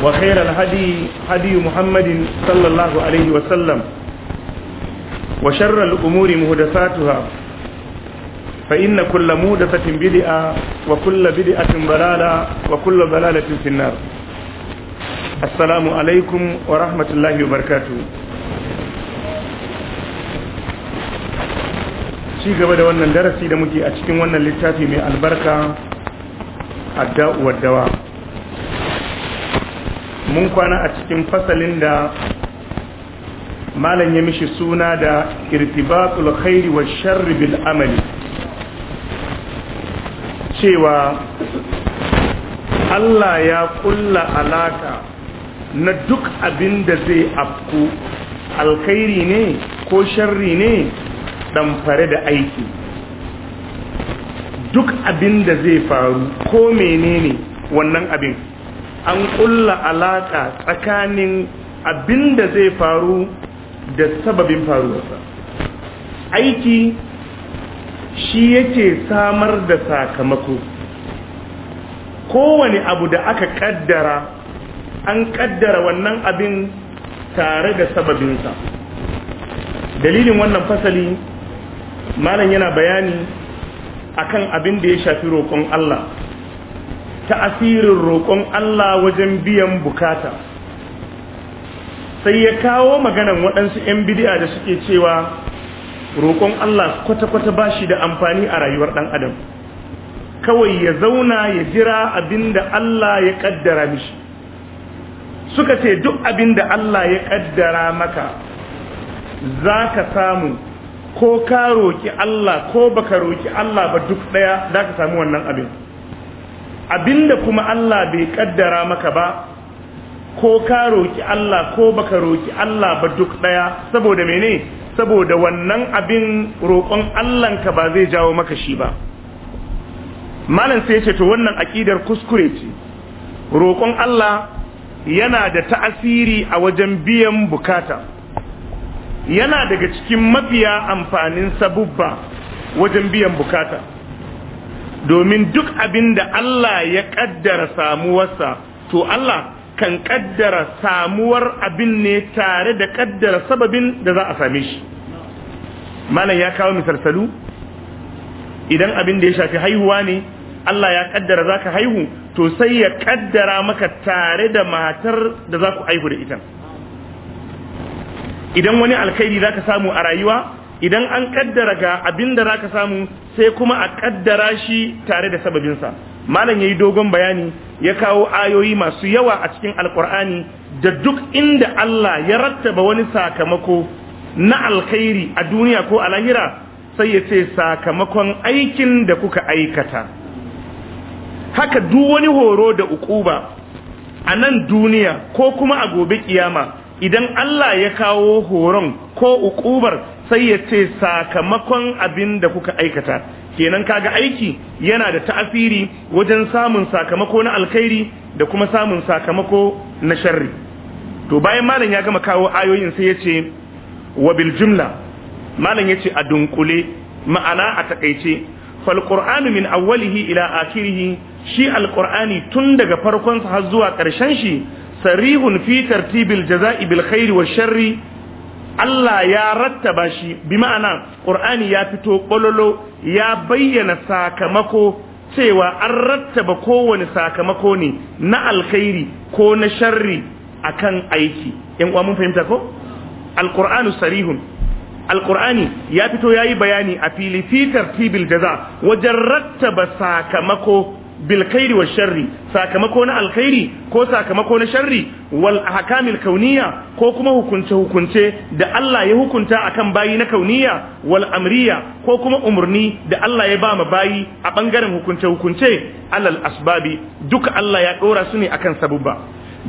وخير الهدي هدي محمد صلى الله عليه وسلم وشر الأمور مهدساتها فإن كل مهدسة بدئة وكل بدئة ضلالة وكل ضلالة في النار السلام عليكم ورحمة الله وبركاته ci gaba da wannan darasi da muke a cikin wannan littafi mai albarka adda uwar dawa mun kwana a cikin fasalin da malam ya mishi suna da irtibatul khairi wa sharri bil amali cewa Allah ya kulla alaka na duk abin da zai afku alkhairi ne ko sharri ne damfare da aiki duk abin da zai faru ko menene wannan abin an kulla alaka tsakanin abin da zai faru da sababin faruwarsa aiki shi yake samar da sakamako kowane abu da aka kaddara an kaddara wannan abin tare da sababinsa dalilin wannan fasali malam yana bayani akan abin da ya shafi roƙon Allah ta'asirin roƙon Allah wajen biyan bukata sai ya kawo maganan waɗansu 'yan bidiya da suke cewa roƙon Allah kwata-kwata ba shi da amfani a rayuwar ɗan adam kawai ya zauna ya jira abinda Allah ya ƙaddara mishi suka ce duk abin da Allah ya ƙaddara maka za ka samu ko ka roƙi Allah ko baka roƙi Allah ba duk ɗaya za ka samu wannan abin abinda kuma Allah bai kaddara maka ba ko ka roki Allah ko baka roki Allah ba duk daya saboda mene saboda wannan abin roƙon Allahnka ba zai jawo maka shi ba malam sai ce to wannan akidar kuskure ce roƙon Allah yana da ta'asiri a wajen biyan bukata yana daga cikin mafiya amfanin sabubba wajen biyan bukata domin duk abin da Allah ya kaddara samuwarsa to Allah kan kaddara samuwar abin ne tare da kaddara sababin da za a same shi malam ya kawo misalsalu idan abin da ya shafi haihuwa ne Allah ya kaddara zaka haihu to sai ya kaddara maka tare da matar da za ku haihu da ita idan wani alkhairi zaka samu a rayuwa idan an kaddara ga abin da za ka samu sai kuma a kaddara shi tare da sababinsa malam ya yi dogon bayani ya kawo ayoyi masu yawa a cikin alkur'ani da duk inda Allah ya rattaba wani sakamako na alkhairi a duniya ko a lahira sai ya ce sakamakon aikin da kuka aikata haka duk wani horo da ukuba a nan duniya ko kuma a gobe kiyama idan Allah ya kawo horon ko ukubar sai ya ce sakamakon abin da kuka aikata kenan kaga aiki yana da ta'asiri wajen samun sakamako na alkhairi da kuma samun sakamako na sharri to bayan malam ya gama kawo ayoyin sai ya ce wa bil jumla malam ya ce a dunkule ma'ana a takaice fal qur'anu min awwalihi ila akhirih shi alqur'ani tun daga farkon sa har zuwa karshen shi sarihun fi tartibil jaza'i bil khairi wa sharri Allah ya rattaba shi bi ma'ana Qur'ani ya fito kololo ya bayyana sakamako cewa an rattaba kowane sakamako ne na alkhairi ko na sharri akan aiki in uwa mun fahimta ko alqur'anu sarihun alqur'ani ya fito yayi bayani a fili fi tartibil jaza wajen rattaba sakamako Bilkairi wa sharri sakamako na alkhairi ko sakamako na sharri wal ahkamil kauniya ko kuma hukunce hukunce da Allah ya hukunta akan bayi na kauniya wal amriya ko kuma umurni da Allah ya ba ma bayi a bangaren hukunce hukunce alal asbabi duka Allah ya dora su ne akan sabubba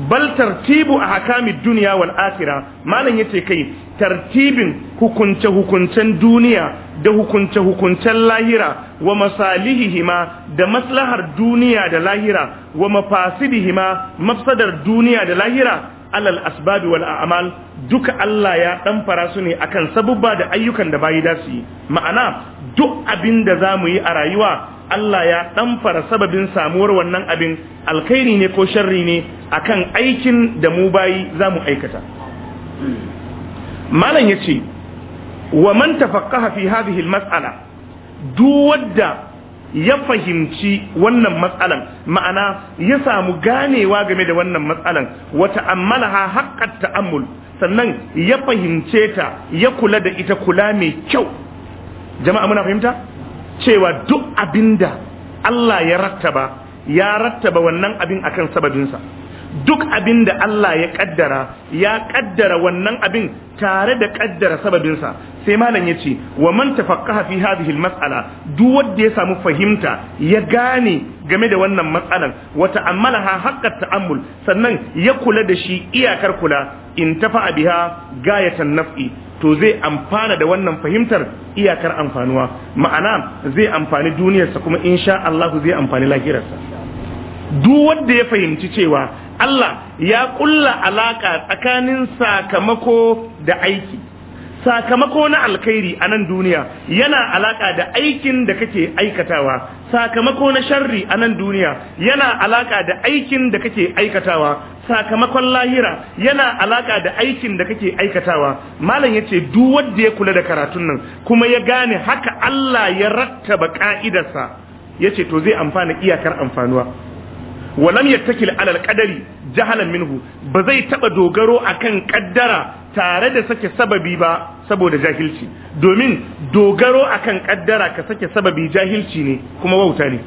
bal tartibu a hakamin duniya wal akira malam yace kai tartibin hukunce hukuncen duniya da hukunce hukuncen lahira wa masalihihima da maslahar duniya da lahira wa mafasidihima mafsadar duniya da lahira alal asbabi wal a'mal duka Allah ya dan fara su ne akan sabubba da ayyukan da bayi da su yi ma'ana duk abin da za mu yi a rayuwa Allah ya ɗamfara sababin samuwar wannan abin alkhairi ne ko sharri ne akan aikin da mu bayi za mu aikata malam ya ce wa man tafaqaha fi hadhihi almas'ala duk wadda ya fahimci wannan matsalan ma'ana ya samu ganewa game da wannan matsalan wa ta'ammalaha haqqat ta'ammul sannan ya fahimce ta ya kula da ita kula mai kyau jama'a muna fahimta cewa duk abinda Allah ya rattaba ya rattaba wannan abin akan sababinsa duk abin da Allah ya kaddara ya kaddara wannan abin tare da kaddara sababinsa sai malam ya ce wa man tafaqqaha fi hadhihi almas'ala duk wanda ya samu fahimta ya gane game da wannan matsalan wa ta'ammalaha haqqat ta'ammul sannan ya kula da shi iyakar kula in tafa'a biha gayatan naf'i to zai amfana da wannan fahimtar iyakar amfanuwa ma'ana zai amfani duniyarsa kuma insha Allah zai amfani lahirarsa duk wanda ya fahimci cewa Allah ya kulla alaka tsakanin sakamako da aiki sakamako na alkhairi a nan duniya yana alaka da aikin da kake aikatawa sakamako na sharri a nan duniya yana alaka da aikin da kake aikatawa sakamakon lahira yana alaka da aikin da kake aikatawa malam yace duk wanda ya kula da karatun nan kuma ya gane haka Allah ya rattaba ka'idarsa ce to zai amfana iyakar amfanuwa walam yattakil alal qadari jahalan minhu ba zai taba dogaro akan kaddara tare da sake sababi ba saboda jahilci domin dogaro akan kaddara ka sake sababi jahilci ne kuma wauta ne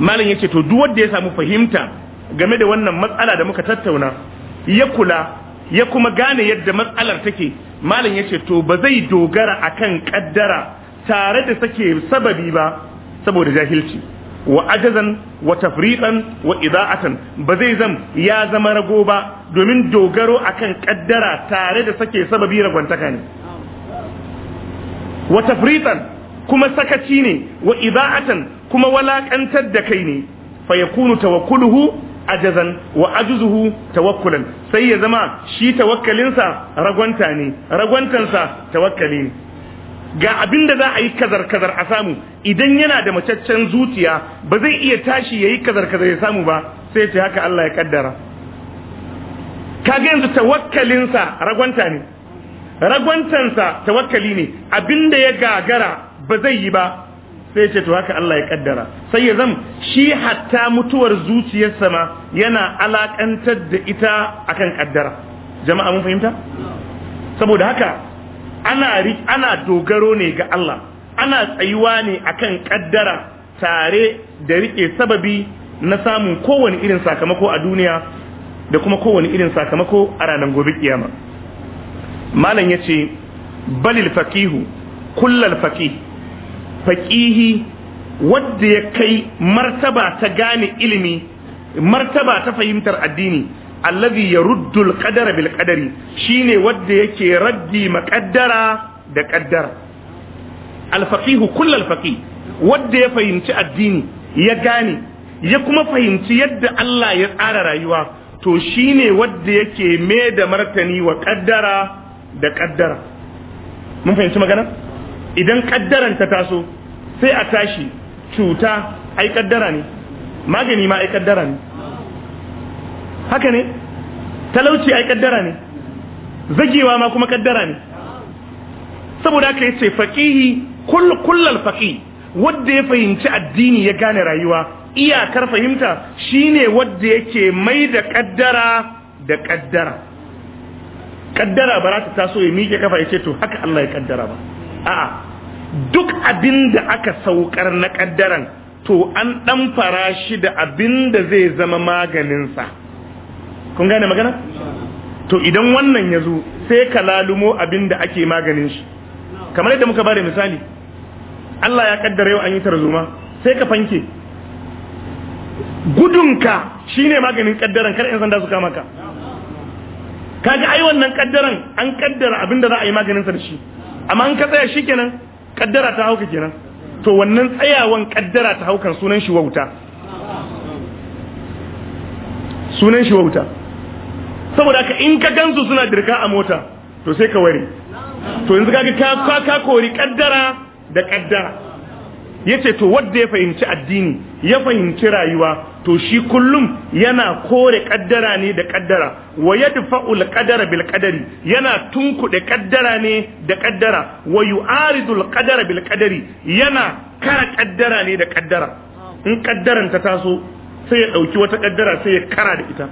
malam yake to duk wanda ya samu fahimta game da wannan matsala da muka tattauna ya kula ya kuma gane yadda matsalar take malam yace to ba zai dogara akan kaddara tare da sake sababi ba saboda jahilci wa ajazan wa wa ba zai zam ya zama rago ba domin dogaro akan kaddara tare da sake sababi ragwantaka ne wa kuma sakaci ne wa kuma walaƙantar da kai ne fa yakunu tawakkuluhu ajazan wa ajuzuhu tawakkulan sai ya zama shi tawakkalinsa ragwanta ne ragwantansa tawakkali ne ga abin da za a yi kazar kazar a samu idan yana da macaccen zuciya ba zai iya tashi yayi kazar kazar ya samu ba sai ce haka Allah ya kaddara kaga yanzu tawakkalin sa ragwanta ne ragwantansa tawakkali ne abinda ya gagara ba zai yi ba sai ce to haka Allah ya kaddara sai ya zam shi hatta mutuwar zuciyarsa ma yana alakantar da ita akan kaddara jama'a mun fahimta saboda haka ana ana dogaro ne ga Allah ana tsayuwa ne akan kaddara tare da rike sababi na samun kowane irin sakamako a duniya da kuma kowane irin sakamako a ranar gobe kiyama malam yace balil faqihu kullal faqih faqihi wanda ya kai martaba ta gane ilimi martaba ta fahimtar addini allazi yaruddul qadara bil qadari shine wanda yake raddi maqaddara da qaddara al faqih kull al faqih wanda ya fahimci addini ya gane ya kuma fahimci yadda Allah ya tsara rayuwa to shine wanda yake mai da martani wa qaddara da qaddara mun fahimci magana idan kaddaran ta taso sai a tashi cuta ai kaddara ne magani ma ai kaddara ne haka ne talauci ai kaddara ne zagewa ma kuma kaddara ne saboda haka yace faqihi kull kullal faqih wanda ya fahimci addini ya gane rayuwa iyakar fahimta shine wanda yake mai da kaddara da kaddara kaddara ba za ta taso ya mike kafa yace to haka Allah ya kaddara ba a'a duk abin da aka saukar na kaddaran to an dan fara shi da abin da zai zama maganinsa kun gane magana to idan wannan ya zo sai ka lalumo abin da ake maganin shi kamar yadda muka bare misali Allah ya kaddara yau an yi tarzoma sai ka fanke gudunka shine maganin kaddaran kar 'yan sanda su kama ka kaga ai wannan kaddaran an kaddara abin da za a yi maganin sa da shi amma an ka tsaya shikenan kaddara ta hauka kenan to wannan tsayawan kaddara ta haukan sunan shi wauta sunan shi wauta saboda ka in ka gansu suna dirka a mota to sai ka ware to yanzu kaga ka ka kori kaddara da kaddara yace to wanda ya fahimci addini ya fahimci rayuwa to shi kullum yana kore kaddara ne da kaddara wa yadfa'u al-qadara bil qadari yana tunkuɗe kaddara ne da kaddara wa yu'aridu al-qadara bil qadari yana kara kaddara ne da kaddara in kaddaran ta taso sai ya dauki wata kaddara sai ya kara da ita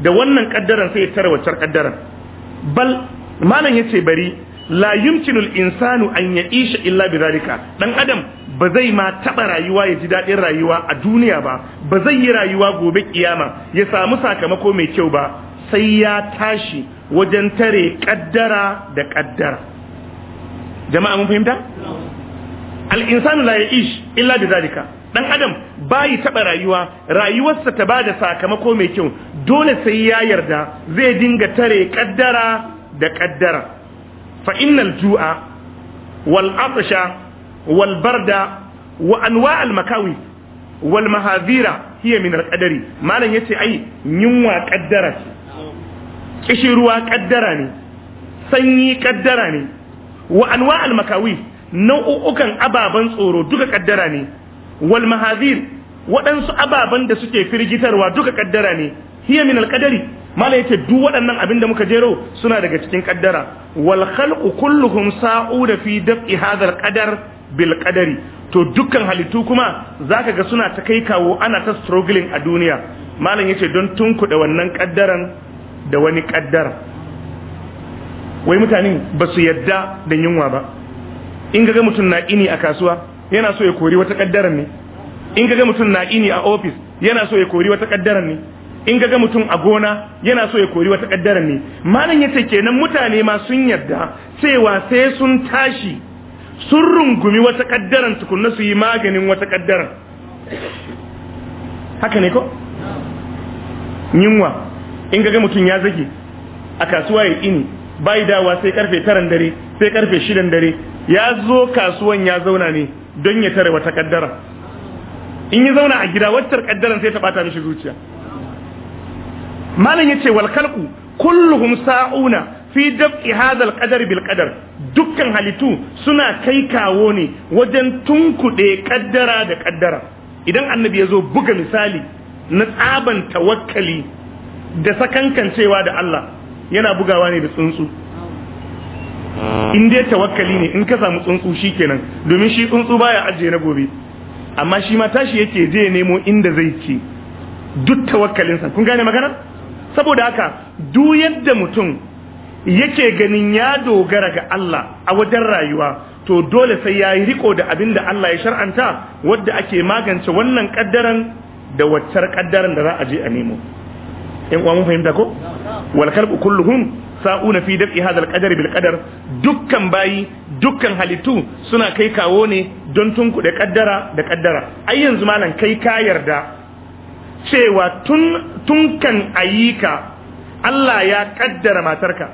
da wannan kaddaran sai ya tara waccar kaddaran bal malam yace bari la yumkinul insanu an ya'isha illa bi zalika dan adam ba zai ma taba rayuwa ya ji dadin rayuwa a duniya ba ba zai yi rayuwa gobe kiyama ya samu sakamako mai kyau ba sai ya tashi wajen tare kaddara da kaddara jama'a mun fahimta al insanu la ya'ish illa bi zalika dan adam bayi taba rayuwa rayuwarsa ta bada sakamako mai kyau dole sai ya yarda zai dinga tare kaddara da kaddara fa innal ju'a wal atsha wal barda wa anwa' al makawi wal mahazira hiya min al qadari malam yace ai yunwa kaddara ce kishi kaddara ne sanyi kaddara ne wa anwa' al makawi nau'ukan ababan tsoro duka kaddara ne wal mahadir waɗansu ababen da suke firgitarwa duka kaddara ne hiya min alƙadari mala yace duk waɗannan abin da muka jero suna daga cikin kaddara wal khalqu kulluhum sa'uda fi daf'i hadhal qadar bil qadari to dukkan halittu kuma zaka ga suna ta kai kawo ana ta struggling a duniya malam yace don tunkuɗe wannan kaddaran da wani kaddara wai mutane ba su yadda da yunwa ba in ga mutum na ini a kasuwa yana so ya kori wata kaddaran ne in ga mutum na ini a ofis yana so ya kori wata kaddaran ne in ga mutum a gona yana so ya kori wata kaddaran ne malam yace kenan mutane ma sun yarda cewa sai sun tashi sun rungumi wata kaddaran tukunna su yi maganin wata kaddaran haka ne ko yunwa in ga mutum ya zage a kasuwa ya ini bai dawa sai karfe taran dare sai karfe shidan dare ya zo kasuwan ya zauna ne don ya tare wata kaddara in ya zauna a gida wacce kaddaran sai ta bata mishi zuciya malam yace wal khalqu kulluhum sa'una fi dab'i hadal qadar bil qadar dukkan halittu suna kai kawo ne wajen tunkude kaddara da kaddara idan annabi ya zo buga misali na tsaban tawakkali da sakankancewa da Allah yana bugawa ne da tsuntsu in dai tawakkali ne in ka samu tsuntsu shi kenan, domin shi tsuntsu baya ajiye na gobe amma shi ma tashi yake je nemo inda zai ci duk tawakkalinsa kun gane magana saboda haka duk yadda mutum yake ganin ya dogara ga Allah a wajen rayuwa to dole sai ya yi riko da abin da Allah ya shar'anta wadda ake magance wannan kaddaran da waccar kaddaran da za a je a nemo in uwa mun fahimta ko wal kalbu kulluhum sa'una fi daf'i hadha al qadar bil dukkan bayi dukkan halittu suna kai kawo ne don da kaddara da kaddara ai yanzu malam kai ka yarda cewa tun tunkan ka Allah ya kaddara matarka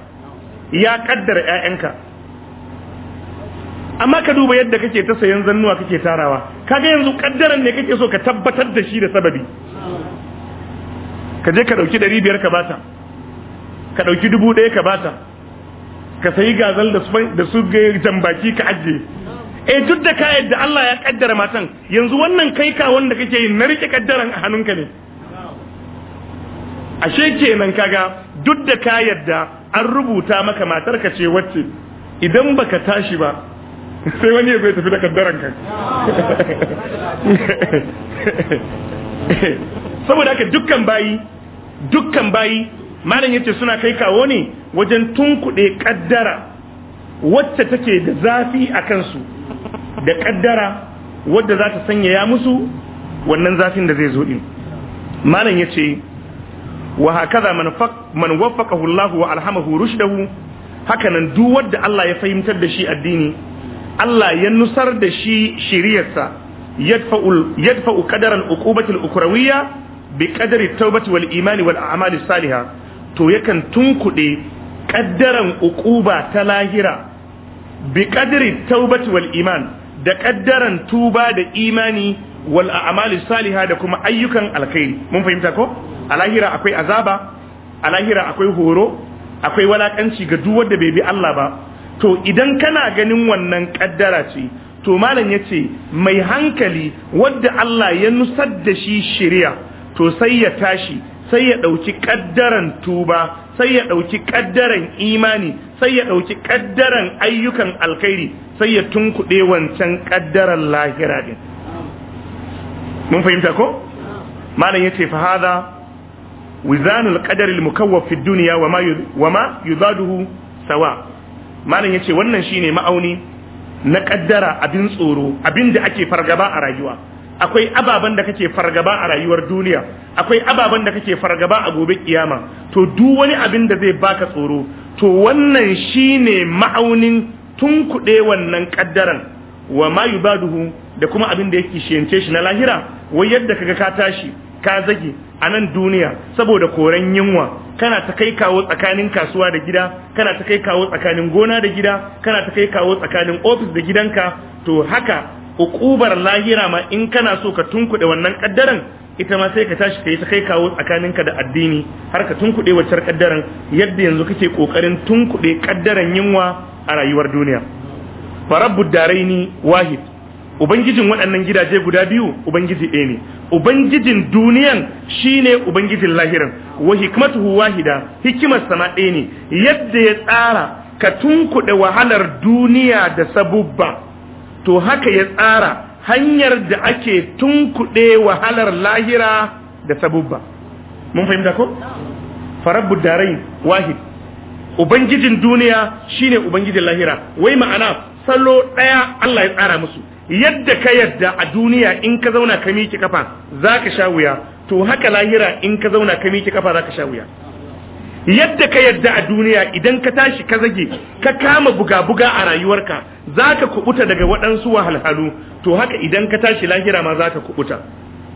ya kaddara ƴaƴanka amma ka duba yadda kake ta sayan zannuwa kake tarawa kaga yanzu kaddaran ne kake so ka tabbatar da shi da sababi ka je ka ɗauki ɗari biyar ka bata ka ɗauki dubu ɗaya ka bata ka sayi gazal da su da su jambaki ka ajiye eh duk da ka yadda Allah ya kaddara matan yanzu wannan kai ka wanda kake yin na rike kaddaran a hannunka ne ashe kenan kaga duk da ka yadda an rubuta maka matar ka ce wacce idan baka tashi ba sai wani ya zai tafi da kaddaran ka saboda haka dukkan bayi dukkan bayi malam yace suna kai kawo ne wajen tunkuɗe kaddara wacce take da zafi a kansu da kaddara wadda za ta sanyaya musu wannan zafin da zai zo din malam yace wa hakaza man man waffaqahu Allah wa alhamahu rushdahu hakanan duk wanda Allah ya fahimtar da shi addini Allah ya nusar da shi shiriyarsa yadfa'u yadfa'u qadara uqubati al-ukrawiyya bi qadari tawbati wal imani wal a'mali salihah to yakan tunkuɗe ƙaddaran uquba ta lahira bi qadari tawbati wal iman da ƙaddaran tuba da imani wal a'mali da kuma ayyukan alkhairi mun fahimta ko a lahira akwai azaba a lahira akwai horo akwai walakanci ga duk wanda bai bi Allah ba to idan kana ganin wannan ƙaddara ce to malam yace mai hankali wadda Allah ya nusar da shi shari'a to sai ya tashi sai ya ɗauki ƙaddaran tuba sai ya ɗauki ƙaddaran imani sai ya ɗauki ƙaddaran ayyukan alkhairi sai ya tunkuɗe wancan ƙaddaran lahira din mun fahimta ko malam yace fa hadha wizanul qadar al mukawwaf fi dunya wa ma yuzaduhu sawa malam yace wannan shine ma'auni na ƙaddara abin tsoro abin da ake fargaba a rayuwa akwai ababen da kake fargaba a rayuwar duniya akwai ababen da kake fargaba a gobe kiyama to duk wani abin da zai baka tsoro to wannan shine ma'aunin tunkuɗe wannan kaddaran wa ma yubaduhu da kuma abin da yake shiyance shi na lahira wai yadda kaga ka tashi ka zage a nan duniya saboda koren yunwa kana ta kai kawo tsakanin kasuwa da gida kana ta kai kawo tsakanin gona da gida kana ta kai kawo tsakanin ofis da gidanka to haka Ƙubar lahira ma in kana so ka tunkuɗe wannan ƙaddaran ita ma sai ka tashi ka yi ta kai kawo tsakaninka da addini har ka tunkuɗe waccar ƙaddaran yadda yanzu kake ƙoƙarin tunkuɗe ƙaddaran yunwa a rayuwar duniya farabbu ni wahid ubangijin waɗannan gidaje guda biyu ubangiji ɗaya ne ubangijin duniyan shine ubangijin lahirin wa hikmatuhu wahida hikimar sama ɗaya ne yadda ya tsara ka tunkuɗe wahalar duniya da sabubba to haka ya tsara hanyar da ake tunkuɗe wahalar lahira da sabubba mun fahimta ko farabbu darai wahid ubangijin duniya shine ubangijin lahira wai ma'ana salo ɗaya Allah ya tsara musu yadda ka yadda a duniya in ka zauna ka miƙe kafa ka sha wuya to haka lahira in ka zauna ka miƙe kafa zaka sha wuya yadda ka yadda a duniya idan ka tashi ka zage ka kama buga-buga a rayuwarka za ka kubuta daga waɗansu wahalhalu to haka idan ka tashi lahira ma za ka kubuta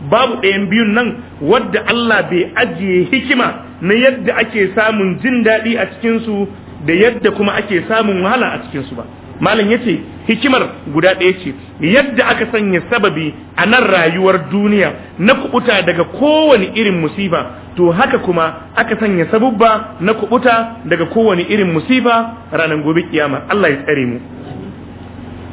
babu ɗayan biyun nan wadda Allah bai ajiye hikima na yadda ake samun jin daɗi a cikinsu da yadda kuma ake samun wahala a cikinsu ba malam ya ce hikimar guda ɗaya ce yadda aka sanya sababi a nan rayuwar duniya na kubuta daga kowane irin musiba to haka kuma aka sanya sabubba na kubuta daga kowane irin musiba ranar gobe kiyama Allah ya tsare mu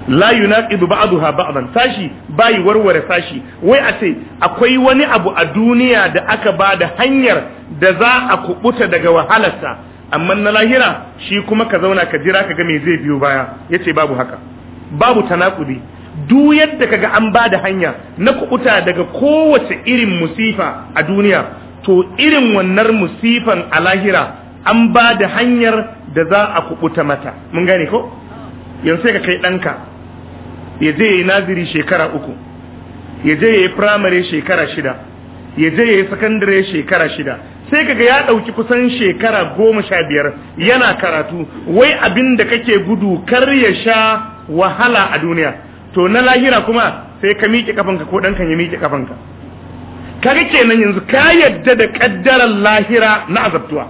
la yunaqidu ba'daha ba'dan sashi bai warware sashi wai a ce akwai wani abu a duniya da aka ba da hanyar da za a kubuta daga wahalarsa amma na lahira shi kuma ka zauna ka jira ka ga me zai biyo baya yace babu haka babu tanakudi duk yadda kaga an ba da hanya na kubuta daga kowace irin musifa a duniya to irin wannan musifan a lahira an ba da hanyar da za a kubuta mata mun gane ko yanzu sai ka kai ɗanka ya je ya yi naziri shekara uku ya je ya yi firamare shekara shida ya je ya yi sakandare shekara shida sai kaga ya ɗauki kusan shekara goma sha biyar yana karatu wai abin da kake gudu kar ya sha wahala a duniya to na lahira kuma sai ka miƙe kafanka ko ɗankan ya miƙe kafanka kaga kenan yanzu ka yadda da kaddarar lahira na azabtuwa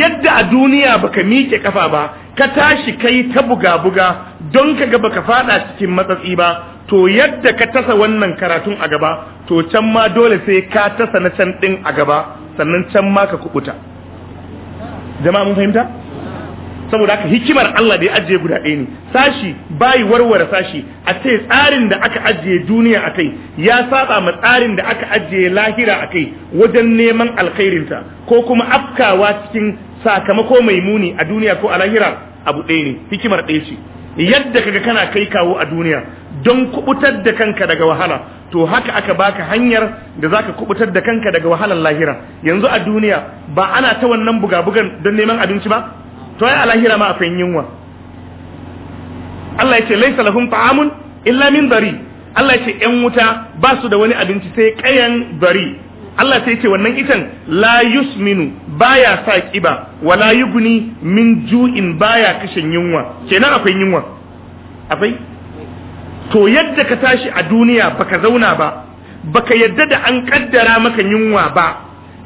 yadda a duniya baka miƙe kafa ba ka tashi kai ta buga-buga don ka kaga baka fada cikin matsatsi ba to yadda ka tasa wannan karatun a gaba to can ma dole sai ka tasa na can din a gaba sannan can ma ka kubuta jama'a mun fahimta saboda haka hikimar Allah da ya ajiye guda ɗaya ne sashi bayi warware sashi a ce tsarin da aka ajiye duniya a kai ya saba ma tsarin da aka ajiye lahira a kai wajen neman alkhairinta ko kuma afkawa cikin sakamako mai muni a duniya ko a lahira abu ɗaya ne hikimar ɗaya ce yadda kaga kana kai kawo a duniya don kubutar da kanka daga wahala to haka aka baka hanyar da zaka kubutar da kanka daga wahalar lahira yanzu a duniya ba ana ta wannan buga-bugan don neman abinci ba to ai alahira ma akwai yunwa Allah ya ce laisa lahum ta'amun illa min dari Allah ya ce ƴan wuta ba su da wani abinci sai kayan dari Allah sai ce wannan itan la yusminu baya sa kiba wala yuguni min ju'in baya kashin yunwa kenan akwai yunwa akwai to yadda ka tashi a duniya baka zauna ba baka yadda da an kaddara maka yunwa ba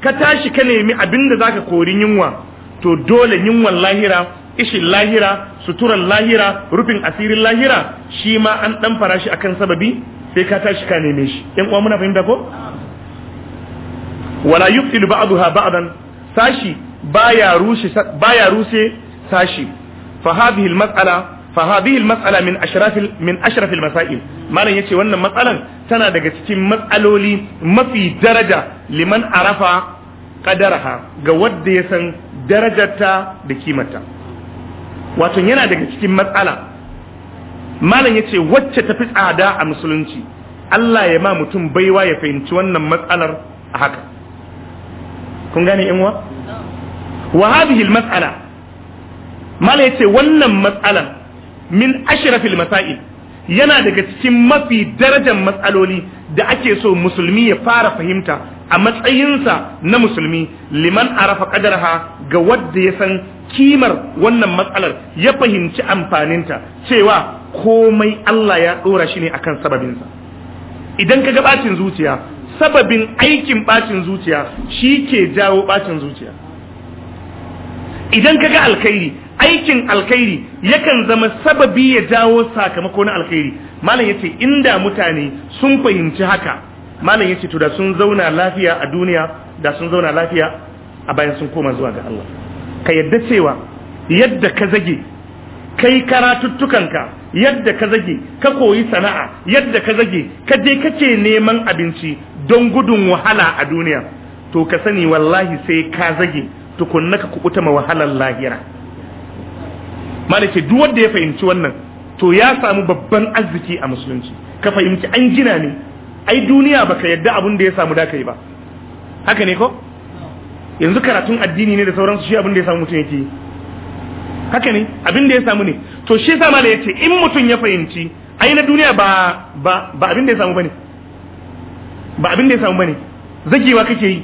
ka tashi ka nemi abin da zaka kori yunwa to dole yunwan lahira ishin lahira suturan lahira rufin asirin lahira shi ma an dan fara shi akan sababi sai ka tashi ka neme shi yan uwa muna fahimta ko wala yubtilu ba'daha ba'dan sashi baya rushe baya rushe sashi fa hadhihi al-mas'ala فهذه المسألة من أشرف من أشرف المسائل ما لن يتي وأن مسألة تنا دقة تكي مسألة ما في درجة لمن عرف darajarta da kimarta wato yana daga cikin matsala malam ce wacce tafi tsada a musulunci Allah ya ma mutum baiwa ya fahimci wannan matsalar a haka kun gane in wa wa hadhihi al-mas'ala malam yace wannan matsalar min ashrafil masail yana daga cikin mafi darajar matsaloli da ake so musulmi ya fara fahimta a matsayinsa na musulmi liman arafa qadarha ga wadda ya san kimar wannan matsalar ya fahimci amfaninta cewa komai Allah ya ɗora shi ne akan sababinsa idan ka ga bacin zuciya sababin aikin bacin zuciya shi ke jawo bacin zuciya idan ka ga alkhairi aikin alkhairi yakan zama sababi ya jawo sakamako na alkhairi malam ya yace inda mutane sun fahimci haka malam yace to da sun zauna lafiya a duniya da sun zauna lafiya a bayan sun koma zuwa ga Allah ka yadda cewa yadda ka zage kai karatuttukanka yadda ka zage ka koyi sana'a yadda ka zage ka je kake neman abinci don gudun wahala a duniya to ka sani wallahi sai ka zage tukunna ka kubuta ma wahalar lahira malake duk wanda ya fahimci wannan to ya samu babban arziki a musulunci ka fahimci an gina ne ai duniya baka yadda abin da ya samu da kai ba haka ne ko yanzu karatun addini ne da sauransu shi abin da ya samu mutum yake haka ne abin da ya samu ne to shi sa mala yace in mutum ya fahimci ai na duniya ba ba ba abin da ya samu bane ba abin da ya samu bane zakewa kake yi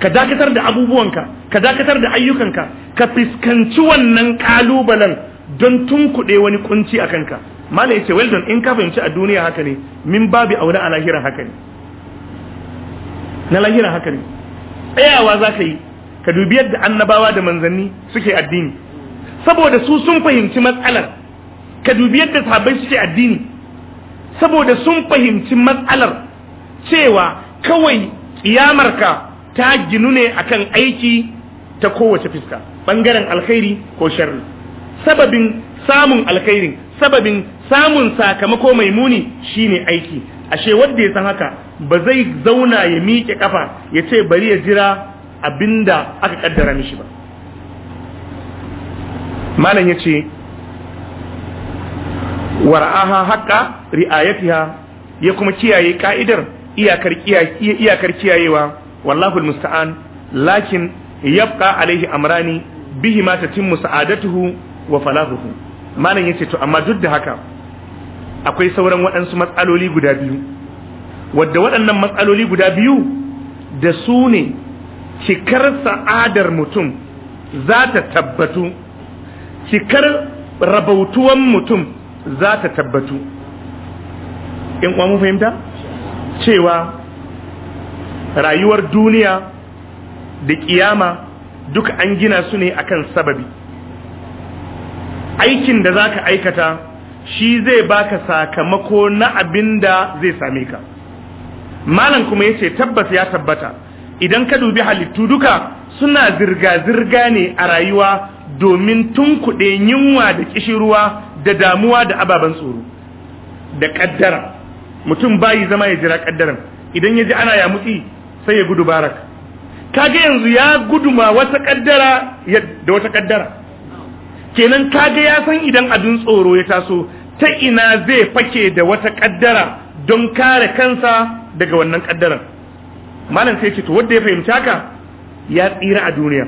ka dakatar da abubuwanka ka dakatar da ayyukanka ka fiskanci wannan kalubalen don tunkuɗe wani kunci a kanka malai ce well done in ka fahimci a duniya haka ne min babi aure a lahira haka ne na lahira haka ne tsayawa za ka yi ka dubi yadda annabawa da manzanni suke addini saboda su sun fahimci matsalar ka dubi yadda sahabbai suke addini saboda sun fahimci matsalar cewa kawai kiyamarka ta ginu ne akan aiki ta kowace fiska bangaren alkhairi ko sharri sababin samun alkhairin sababin samun sakamako mai muni shine aiki ashe wanda ya san haka ba zai zauna ya miƙe ƙafa ya ce bari ya jira abinda aka kaddara mishi ba malam yace war'aha haƙa ri'ayatiha ya kuma kiyaye ka'idar iyakar iyakar kiyayewa wallahu almusta'an lakin yabqa alaihi amrani ma tatimmu sa'adatuhu wa falahuhu malam yace to amma duk da haka akwai sauran waɗansu matsaloli guda biyu wadda waɗannan matsaloli guda biyu da su ne cikar sa'adar mutum za ta tabbatu cikar rabautuwan mutum za ta tabbatu in kuwa mun fahimta cewa rayuwar duniya da kiyama duka an gina su ne akan sababi aikin da zaka aikata shi zai baka sakamako na abin da zai same ka malam kuma yace tabbas ya tabbata idan ka dubi halittu duka suna zirga-zirga ne a rayuwa domin tunkuɗe yunwa da kishiruwa da damuwa da ababen tsoro da ƙaddara mutum bayi zama ya jira ƙaddaran idan ya ji ana ya mutsi sai ya gudu barak kage yanzu ya guduma wata ƙaddara da wata ƙaddara kenan kaga ya san idan abin tsoro ya taso ta ina zai fake da wata kaddara don kare kansa daga wannan kaddaran malam sai ce to wanda ya fahimci haka ya tsira a duniya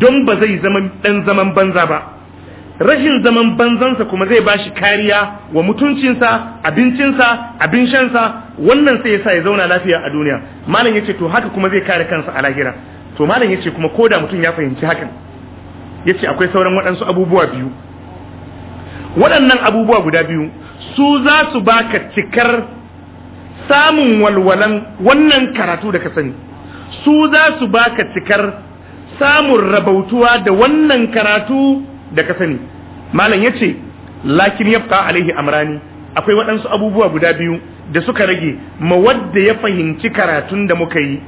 don ba zai zama dan zaman banza ba rashin zaman banzansa kuma zai bashi kariya wa mutuncinsa abincinsa abin shansa wannan sai ya sa ya zauna lafiya a duniya malam yace to haka kuma zai kare kansa a lahira to malam yace kuma koda mutum ya fahimci hakan Ya ce akwai sauran waɗansu abubuwa biyu waɗannan abubuwa guda biyu su za su baka cikar samun walwalan wannan karatu da sani su za su baka cikar samun rabautuwa da wannan karatu da ka sani malam ce lakin yabqa alaihi amrani akwai waɗansu abubuwa guda biyu da suka rage ma wadda ya fahimci karatun da muka yi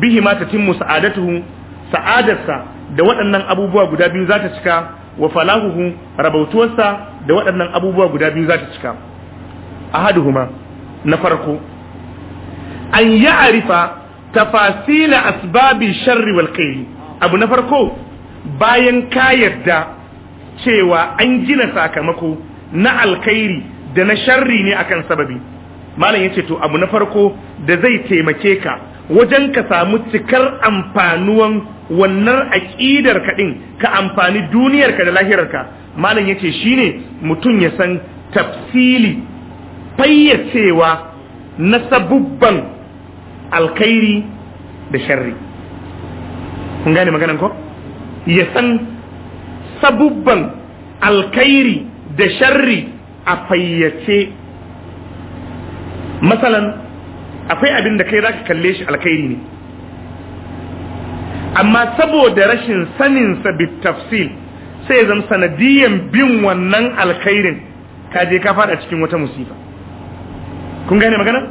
bihi ma ta tatimmu sa'adatuhu sa'adarsa da waɗannan abubuwa guda biyu za ta cika wa falahuhu rabautuwarsa da waɗannan abubuwa guda biyu za ta cika ahaduhuma na farko an yi arifa tafasila asbabi sharri wal abu na farko bayan ka yarda cewa an gina sakamako na alkhairi da na sharri ne akan sababi malam yace to abu na farko da zai taimake ka wajen ka samu cikar amfanuwan wannan aƙidar ka ɗin ka amfani duniyarka da lahirarka malam ya ce shine mutum ya san tafsili fayyacewa na sabubban alkhairi da sharri kun gane maganan ko ya san sabubban alkhairi da sharri a fayyace masalan akwai abin da kai zaka kalle shi alkhairi ne amma saboda rashin sanin sa bit tafsil sai zan sanadiyan bin wannan alkhairin ka je ka fada cikin wata musifa kun gane magana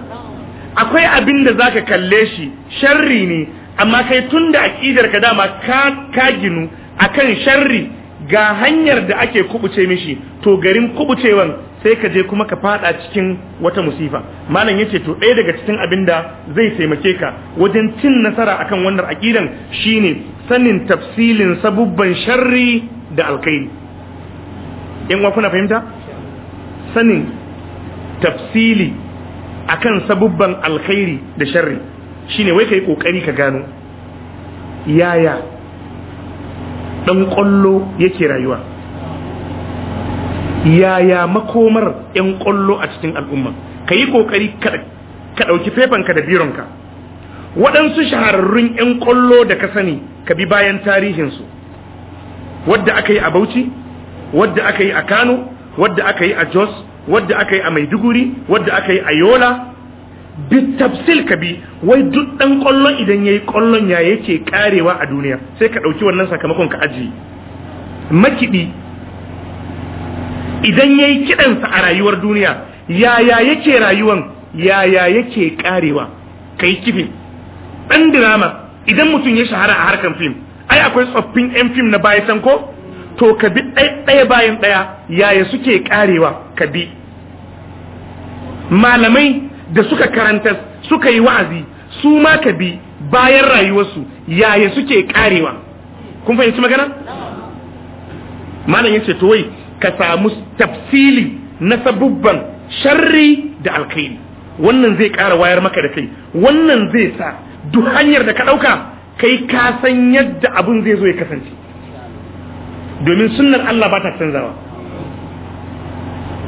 akwai abin da zaka kalle shi sharri ne amma kai tun tunda aqidar ka dama ka ka ginu akan sharri ga hanyar da ake kubuce mishi to garin kubucewan sai ka je kuma ka fada cikin wata musifa malam yace to ɗaya daga cikin abin da zai taimake ka wajen cin nasara akan wannan aqidan shine sanin tafsilin sabubban sharri da alkhairi in wa kuna fahimta sanin tafsili akan sabubban alkhairi da sharri shine wai kai kokari ka gano yaya dan kwallo yake rayuwa yaya makomar yan ƙwallo a cikin al'umma ka yi kokari ka ɗauki fefanka da bironka waɗansu shahararrun yan ƙwallo da ka sani ka bi bayan tarihinsu wadda aka yi a bauchi wadda aka yi a kano wadda aka yi a jos wadda aka yi a maiduguri wadda aka yi a yola bi tafsil ka bi wai duk ɗan ƙwallon idan ya yi ƙwallon ya yake karewa a duniya sai ka ɗauki wannan sakamakon ka ajiye makiɗi idan yayi kiɗansa a rayuwar duniya yaya yake rayuwan yaya yake karewa kai kifin dan drama idan mutum ya shahara a harkan fim, ai akwai tsoffin yan fim na baya san ko to ka bi ɗaya bayan ɗaya yaya suke karewa ka bi malamai da suka karanta suka yi wa'azi su ma ka bi bayan rayuwarsu yaya suke ƙarewa? kun fahimci magana malam yace to wai ka samu tafsili na sabubban sharri da alkhairi wannan zai ƙara wayar maka da kai wannan zai sa duk hanyar da ka ɗauka kai ka san yadda abin zai zo ya kasance domin sunnar Allah ba ta canzawa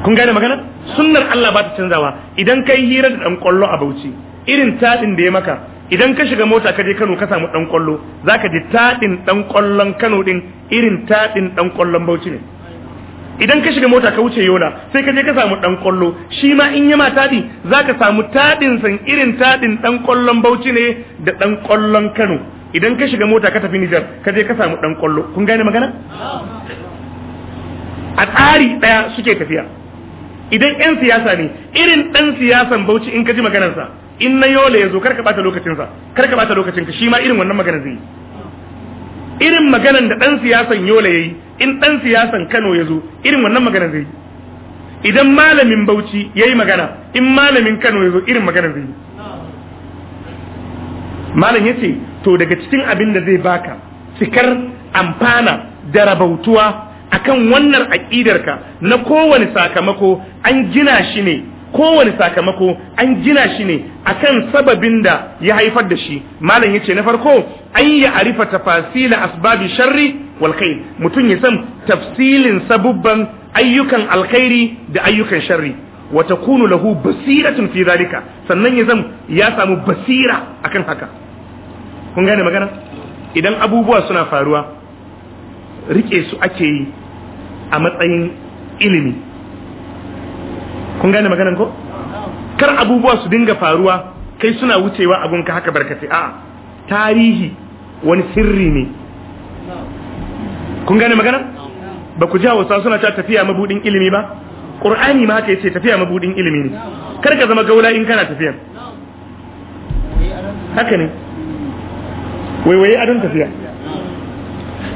kun gane magana sunnar Allah ba ta canzawa idan kai hira da ɗan ƙwallo a Bauchi irin taɗin da ya maka idan ka shiga mota ka je Kano ka samu dan kwallo zaka ji tadin dan kwallon Kano din irin tadin dan kwallon Bauchi ne idan ka shiga mota ka wuce yola sai ka je ka samu dan kwallo shi ma in yama tadi zaka samu tadin san irin tadin dan kwallon Bauchi ne da dan kwallon Kano idan ka shiga mota ka tafi Niger ka je ka samu dan kwallo kun gane magana a tsari daya suke tafiya idan yan siyasa ne irin dan siyasan Bauchi in ka ji maganarsa in na yola yazo kar ka bata lokacinsa kar ka bata lokacin ka shi ma irin wannan magana zai yi irin maganan da ɗan siyasan yola yayi in ɗan siyasan Kano ya zo irin wannan magana zai yi idan malamin Bauchi yayi magana in malamin Kano ya zo irin magana zai yi malam ya ce to daga cikin abin da zai baka cikar amfana da rabautuwa akan wannan aƙidarka na kowane sakamako an gina shi ne kowane sakamako an gina shi ne akan sababin da ya haifar da shi malam yace na farko an arifa tafasila asbabi sharri wal khair mutun ya san tafsilin sabubban ayyukan alkhairi da ayyukan sharri wa takunu lahu basiratun fi zalika sannan ya ya samu basira akan haka kun gane magana idan abubuwa suna faruwa rike su ake yi a matsayin ilimi kun gane maganan ko kar abubuwa su dinga faruwa kai suna wucewa abun ka haka barkace. a tarihi wani sirri ne kun gane maganan ba ku jawo sa suna ta tafiya mabudin ilimi ba qur'ani ma haka yace tafiya mabudin ilimi ne kar ka zama gaula in kana tafiya haka ne Wai wai adon tafiya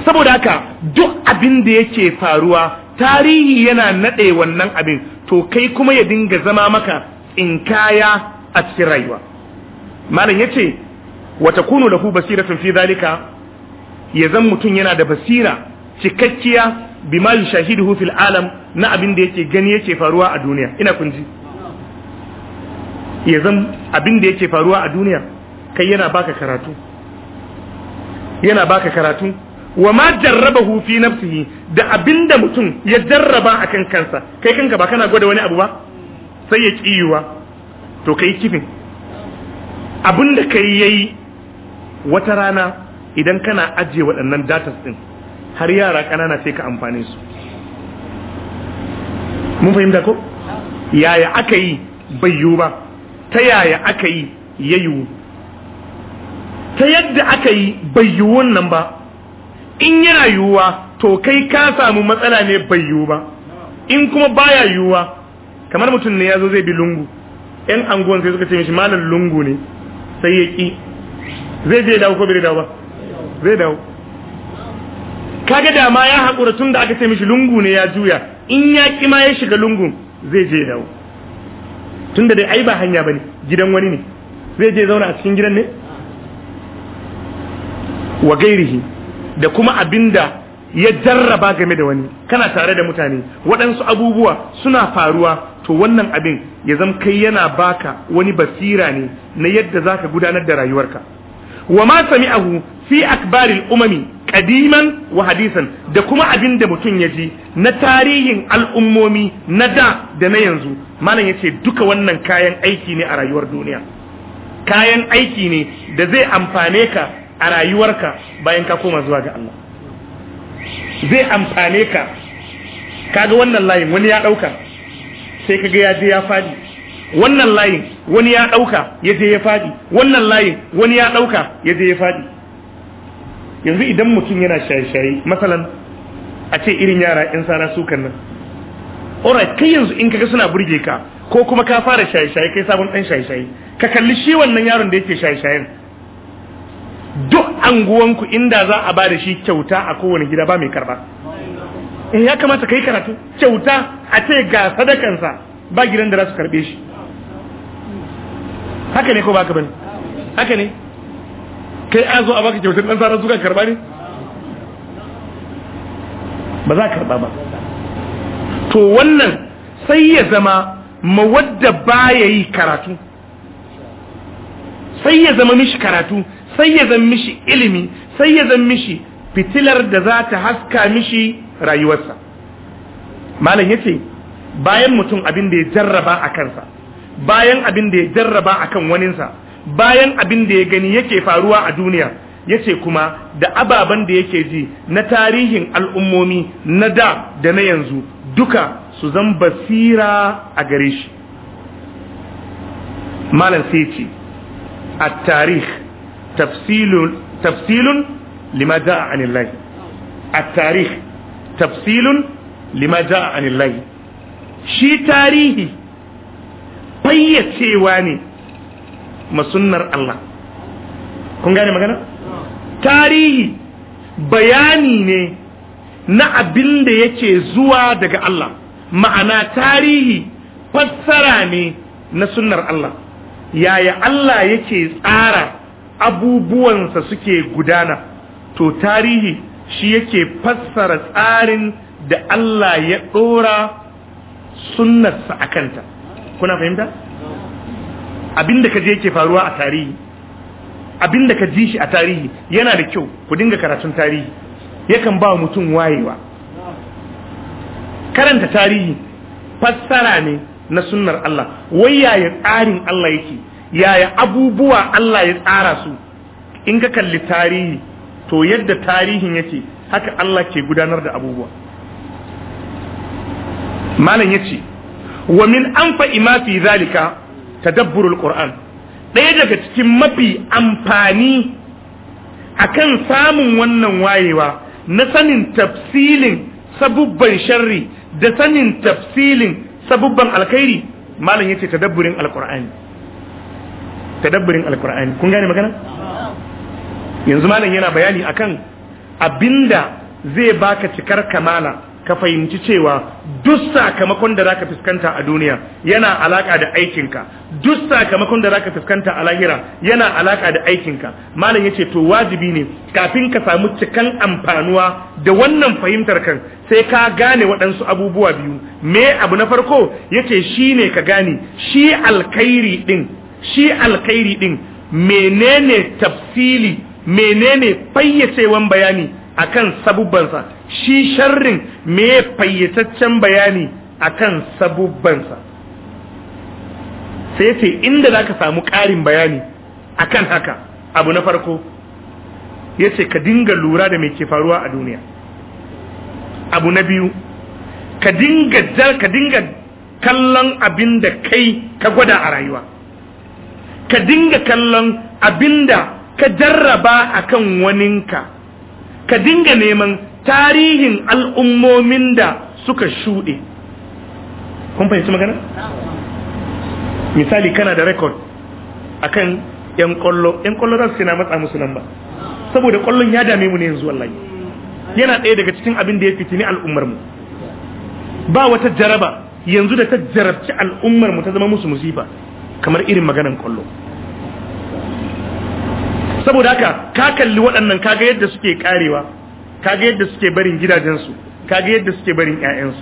saboda haka duk abin da yake faruwa tarihi yana nade wannan abin to kai kuma ya dinga zama maka in kaya a cikin rayuwa malam yace wa takunu lahu basiratun fi zalika ya zan mutun yana da basira cikakkiya bima yushahiduhu fil alam na abin da yake gani yake faruwa a duniya ina kun ji ya zan abin da yake faruwa a duniya kai yana baka karatu yana baka karatu wa ma jarrabahu fi nafsihi da abinda mutum ya jarraba akan kansa kai kanka ba kana gwada wani abu ba sai ya kiyuwa to kai kifin abinda kai yayi wata rana idan kana ajiye waɗannan datas din har yara kanana sai ka amfane su mun fahimta ko yaya aka yi bai yiwu ba ta yaya aka yi ya yiwu ta yadda aka yi bai yiwu wannan ba in yana yiwuwa to kai ka samu matsala ne bai yiwu ba in kuma baya yiwuwa kamar mutum ne ya zo zai bi lungu yan anguwan sai suka ce mishi malam lungu ne sai ya ƙi zai je dawo ko bai dawo ba zai dawo kaga dama ya haƙura tun da aka ce mishi lungu ne ya juya in ya ƙi ma ya shiga lungun zai je dawo tun da dai ai ba hanya bane gidan wani ne zai je zauna a cikin gidan ne wa gairihi da kuma abinda ya jarraba game da wani kana tare da mutane waɗansu abubuwa suna faruwa to wannan abin ya zan kai yana baka wani basira ne na yadda za ka gudanar da rayuwarka wa ma ahu fi akbaril umami kadiman wa hadisan da kuma abin da mutum ya ji na tarihin al'ummomi na da da na yanzu malam ya ce duka wannan kayan aiki ne a rayuwar duniya kayan aiki ne da zai amfane ka a rayuwarka bayan ka koma zuwa ga Allah zai amfane ka kaga wannan layin wani ya dauka sai kaga ya je ya fadi wannan layin wani ya dauka ya je ya fadi wannan layin wani ya dauka ya je ya fadi yanzu idan mutum yana shaye-shaye masalan a ce irin yara yan su sukan nan alright kai yanzu in kaga suna burge ka ko kuma ka fara shaye-shaye kai sabon dan shaye-shaye ka kalli shi wannan yaron da yake shaye-shayen duk anguwanku inda za a ba da shi kyauta a kowane gida ba mai karba eh ya kamata kai karatu kyauta a ce ga sadakansa ba gidan da za su karbe shi haka ne ko ba ka bane haka ne kai an zo a baka kyautar dan sarar suka karba ne ba za karba ba to wannan sai ya zama mawadda ya yi karatu sai ya zama mishi karatu sai ya zan mishi ilimi sai ya zan mishi fitilar da za ta haska mishi rayuwarsa malam ya ce bayan mutum abin da ya jarraba a kansa bayan abin da ya jarraba a kan waninsa bayan abin da ya gani yake faruwa a duniya ya ce kuma da ababen da yake ji na tarihin al'ummomi na da da na yanzu duka su zan basira a gare shi malam sai ce a tarihi tafsilun tafsilun lima jaa anillahi at-tarikh tafsilun lima jaa anillahi shi tarihi fayyacewa ne masunnar Allah kun gane magana tarihi bayani ne na abin da yake zuwa daga Allah ma'ana tarihi fassara ne na sunnar Allah yaya Allah yake tsara abubuwansa suke gudana to tarihi shi yake fassara tsarin da Allah ya ɗora sunnarsa a kanta kuna fahimta abinda ka je yake faruwa a tarihi abinda ka ji shi a tarihi yana da kyau ku dinga karatun tarihi yakan ba mutum wayewa karanta tarihi fassara ne na sunnar Allah wai yaya tsarin Allah yake yaya abubuwa Allah ya tsara su in ka kalli tarihi to yadda tarihin yake haka Allah ke gudanar da abubuwa malam yace wa min anfa ima fi zalika tadabburul qur'an ɗaya daga cikin mafi amfani akan samun wannan wayewa na sanin tafsilin sabubban sharri da sanin tafsilin sabubban alkhairi malam yace tadabburin alqur'ani tadabburin alkur'ani kun gane magana yanzu malam yana bayani akan abinda zai baka cikar kamala ka fahimci cewa duk sakamakon da zaka fuskanta a duniya yana alaka da aikin ka duk sakamakon da zaka fuskanta a lahira yana alaka da aikin ka malam yace to wajibi ne kafin ka samu cikan amfanuwa da wannan fahimtar kan sai ka gane waɗansu abubuwa biyu me abu na farko yace shine ka gane shi alkhairi din shi alkhairi din menene tafsili menene fayyacewan bayani akan sabubbansa shi sharrin me fayyataccen bayani akan sabubbansa sai ce inda zaka samu ƙarin bayani akan haka abu na farko yace ka dinga lura da me ke faruwa a duniya abu na biyu ka dinga ka dinga kallon abin da kai ka gwada a rayuwa ka dinga kallon abinda ka jarraba a kan waninka ka dinga neman tarihin al'ummomin da suka shuɗe kun fahimci magana? misali kana da rekod kan yan kwallo yan kwallo za su na matsa musu nan ba saboda kwallon ya dame mu ne yanzu wallahi yana ɗaya daga cikin abin da ya fiti al'ummar mu ba wata jaraba yanzu da ta jarabci al'ummarmu ta zama musu musifa kamar irin maganan kwallo saboda haka ka kalli waɗannan kaga yadda suke karewa kaga yadda suke barin gidajensu kaga yadda suke barin ƴaƴansu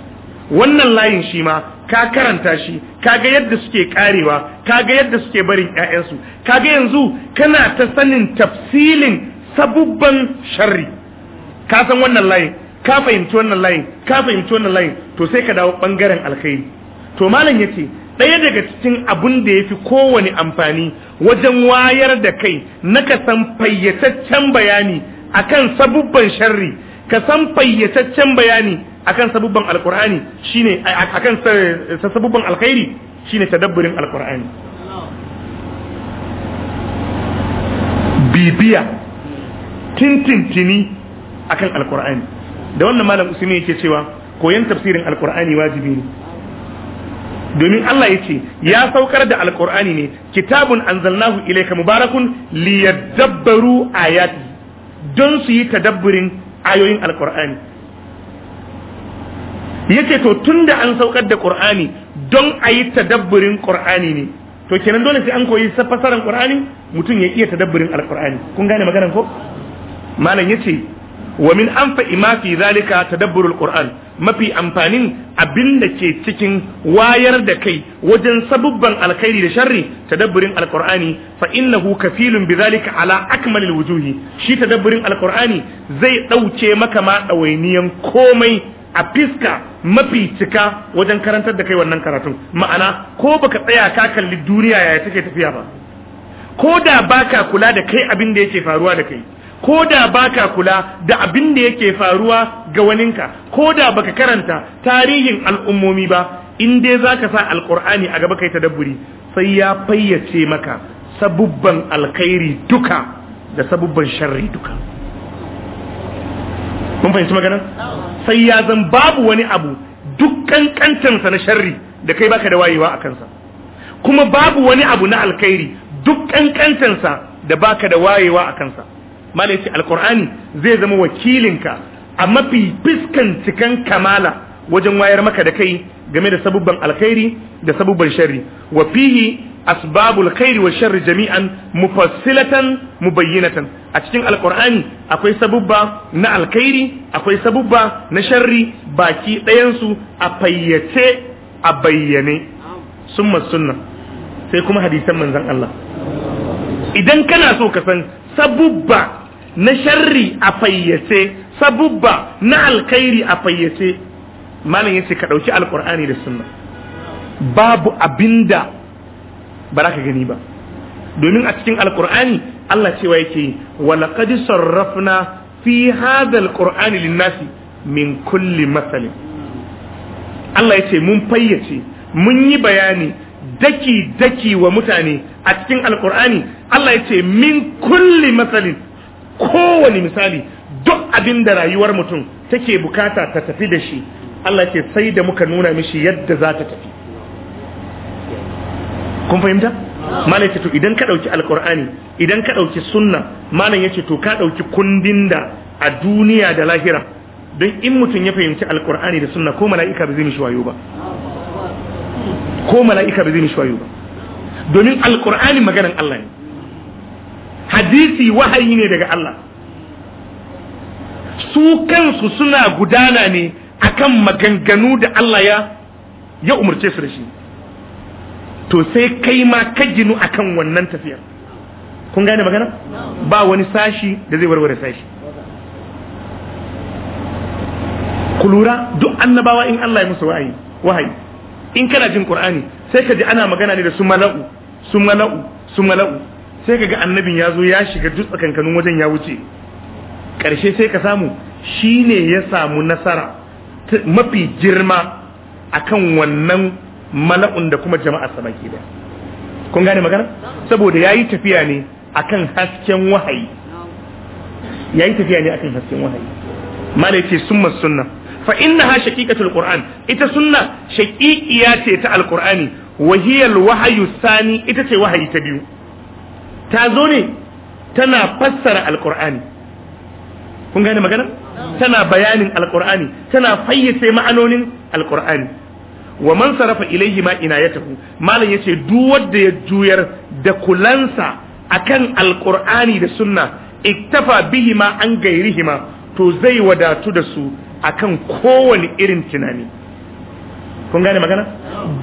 wannan layin shi ma ka karanta shi kaga yadda suke karewa kaga yadda suke barin ƴaƴansu kaga yanzu kana ta sanin tafsilin sabubban sharri ka san wannan layin ka fahimci wannan layin ka fahimci wannan layin to sai ka dawo bangaren alkhairi to malam yace ɗaya daga cikin abun da ya fi kowane amfani wajen wayar da kai na ka san fayyataccen bayani akan sabubban sharri ka san fayyataccen bayani akan sabubban alkur'ani shine akan sabubban alkhairi shine tadabburin alkur'ani bibiya tintintini akan alkur'ani da wannan malam usman yake cewa koyan tafsirin alkur'ani wajibi ne domin Allah ya ce ya saukar da alkur'ani ne kitabun anzalnahu ilayka mubarakun liyadabbaru ayati don su yi tadabburin ayoyin alkur'ani yace to tunda an saukar da qur'ani don a yi tadabburin qur'ani ne to kenan dole sai an koyi fasaran qur'ani mutum ya iya tadabburin alkur'ani kun gane maganar ko malam yace wa min anfa'i ma fi zalika tadabburul qur'an mafi amfanin abin da ke cikin wayar da kai wajen sabubban alkhairi da sharri tadabburin alqur'ani fa innahu kafilun filin zalika ala akmalil wujuhi shi tadabburin alqur'ani zai ɗauke maka ma dawainiyan komai a fiska mafi cika wajen karantar da kai wannan karatu. ma'ana ko baka tsaya ka kalli duniya yaya take tafiya ba ko da baka kula da kai abin da yake faruwa da kai ko da baka kula da abin da yake faruwa ga waninka ko da baka karanta tarihin al'ummomi ba in dai zaka sa alqur'ani a gaba kai daburi sai ya fayyace maka sabubban alkhairi duka da sabubban sharri duka mun fahimci maganar sai ya zan babu wani abu dukkan kantansa na sharri da kai baka da wayewa a kansa kuma babu wani abu na alkhairi dukkan kantansa da baka da wayewa a kansa malai ce alkur'ani zai zama wakilinka a mafi fiskan cikan kamala wajen wayar maka da kai game da sabubban alkhairi da sabubban sharri wa fihi asbabul khairi wa sharri jami'an mufassilatan mubayyinatan a cikin alkur'ani akwai sabubba na alkhairi akwai sabubba na sharri baki ɗayan su a fayyace a bayyane summa sunna sai kuma hadisan manzon Allah idan kana so ka san sabubba na sharri a fayyace sabubba na alkhairi a fayyace ya yace ka ɗauki alkur'ani da sunna babu abinda ba za ka gani ba domin a cikin alkur'ani Allah cewa yake wa laqad sarrafna fi hadha alqur'ani lin-nasi min kulli masalin Allah ya ce mun fayyace mun yi bayani daki daki wa mutane a cikin alkur'ani Allah ya ce min kulli masalin kowane misali duk abin da rayuwar mutum take bukata ta tafi da shi Allah ke sai da muka nuna mishi yadda za ta tafi kun fahimta malam ce to idan ka ɗauki alkur'ani idan ka ɗauki sunna malam ce to ka ɗauki kundin da a duniya da lahira don in mutum ya fahimci alkur'ani da sunna ko mala'ika ba zai mishi wayo ba ko mala'ika ba zai mishi wayo ba domin alkur'ani maganan Allah ne hadisi wahayi ne daga Allah su kansu suna gudana ne akan maganganu da Allah ya ya umarce su da shi to sai kai ma ka ginu akan wannan tafiyar kun gane magana ba wani sashi da zai warware sashi ku lura duk annabawa in Allah ya musu wahayi wahayi in kana jin qur'ani sai ka ji ana magana ne da su mala'u su mala'u su mala'u sai ga annabin ya zo ya shiga duk tsakankanin wajen ya wuce ƙarshe sai ka samu shine ya samu nasara mafi girma akan wannan mala'un da kuma jama'a sama ke da kun gane magana saboda yi tafiya ne akan hasken wahayi yi tafiya ne akan hasken wahayi mala summa sunna fa ha shaqiqatul qur'an ita sunna shaƙiƙiya ce ta Alƙur'ani, wahiyar wahayu sani ita ce wahayi ta biyu ta zo ne tana fassara alkur'ani kun gane magana tana bayanin alkur'ani tana fayyace ma'anonin alkur'ani wa man sarafa ilayhi ma inayatahu malam yace duk wanda ya juyar da kulansa akan alkur'ani da sunna iktafa bihi ma an gairihi ma to zai wadatu da su akan kowane irin tunani kun gane magana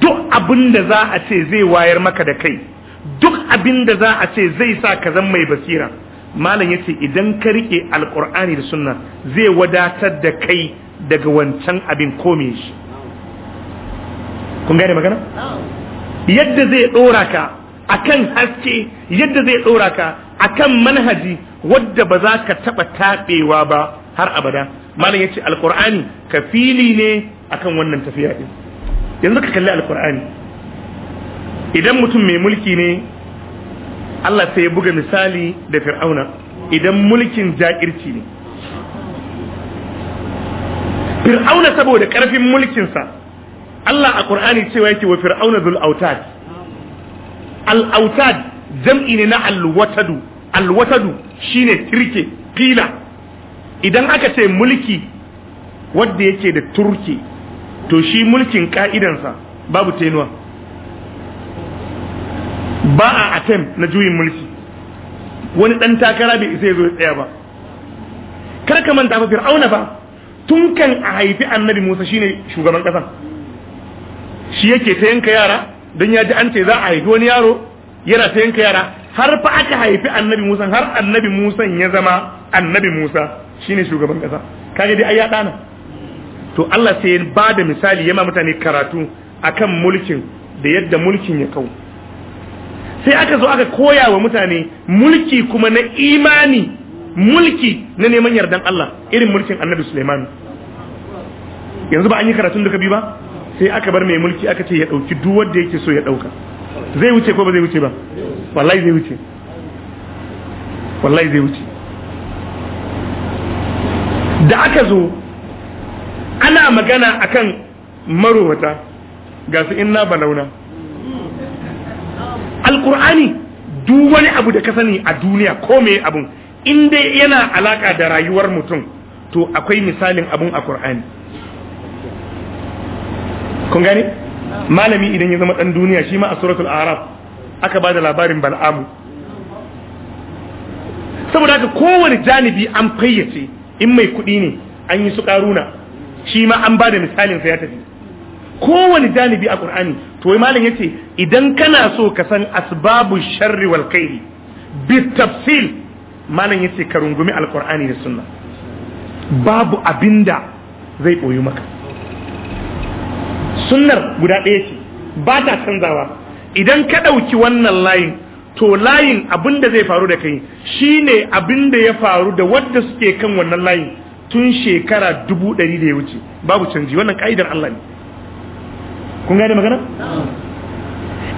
duk abin da za a ce zai wayar maka da kai duk abin da za a ce zai sa ka zan mai basira malam ya ce idan ka riƙe alƙur'ani da sunna zai wadatar da kai daga wancan abin kome shi kun gane magana yadda zai ɗora ka akan haske yadda zai ɗora ka akan manhaji wadda ba za ka taɓa taɓewa ba har abada malam ya ce alƙur'ani ka fili ne akan wannan tafiya ɗin yanzu ka kalli alƙur'ani idan mutum mai mulki ne Allah sai ya buga misali da fir'auna idan mulkin jakirci ne fir'auna saboda karfin mulkinsa Allah a ƙur'ani cewa yake wa fir'auna zul autad al autad jam'i ne na al watadu al watadu shine tirke fila idan aka ce mulki wanda yake da turke to shi mulkin ka'idansa babu tenuwa ba a atem na juyin mulki wani dan takara bai isa ya zo ya tsaya ba kar ka manta fa fir'auna ba tun kan a haifi annabi Musa shine shugaban kasa shi yake ta yanka yara don ya ji an ce za a haifi wani yaro yana ta yanka yara har fa aka haifi annabi Musa har annabi Musa ya zama annabi Musa shine shugaban kasa kage dai ai ya dana to Allah sai ya bada misali ma mutane karatu akan mulkin da yadda mulkin ya kawo sai aka zo aka koya wa mutane mulki kuma na imani mulki na neman yardan Allah irin mulkin annabi Suleiman yanzu ba an yi karatun duka bi ba sai aka bar mai mulki aka ce ya ɗauki duk wanda yake so ya ɗauka zai wuce ko ba zai wuce ba wallahi zai wuce wallahi zai wuce da aka zo ana magana akan marowata ga su inna balauna alkur'ani duk wani abu da ka sani a duniya ko me abun in dai yana alaka da rayuwar mutum to akwai misalin abun a qur'ani kun gane malami idan ya zama dan duniya shi ma a suratul araf aka bada labarin bal'amu saboda haka kowane janibi an fayyace in mai kuɗi ne an yi su ƙaruna shi ma an bada misalin sa ya tafi kowane janibi a qur'ani to wai malam yace idan kana so ka san asbabu sharri wal khairi bi tafsil malam yace ka rungumi alqur'ani da sunna babu abinda zai boyu maka sunnar guda ɗaya ce ba ta canzawa idan ka ɗauki wannan layin to layin abinda zai faru da kai shine abin da ya faru da wadda suke kan wannan layin tun shekara dubu ɗari da ya wuce babu canji wannan ka'idar Allah ne kun gane magana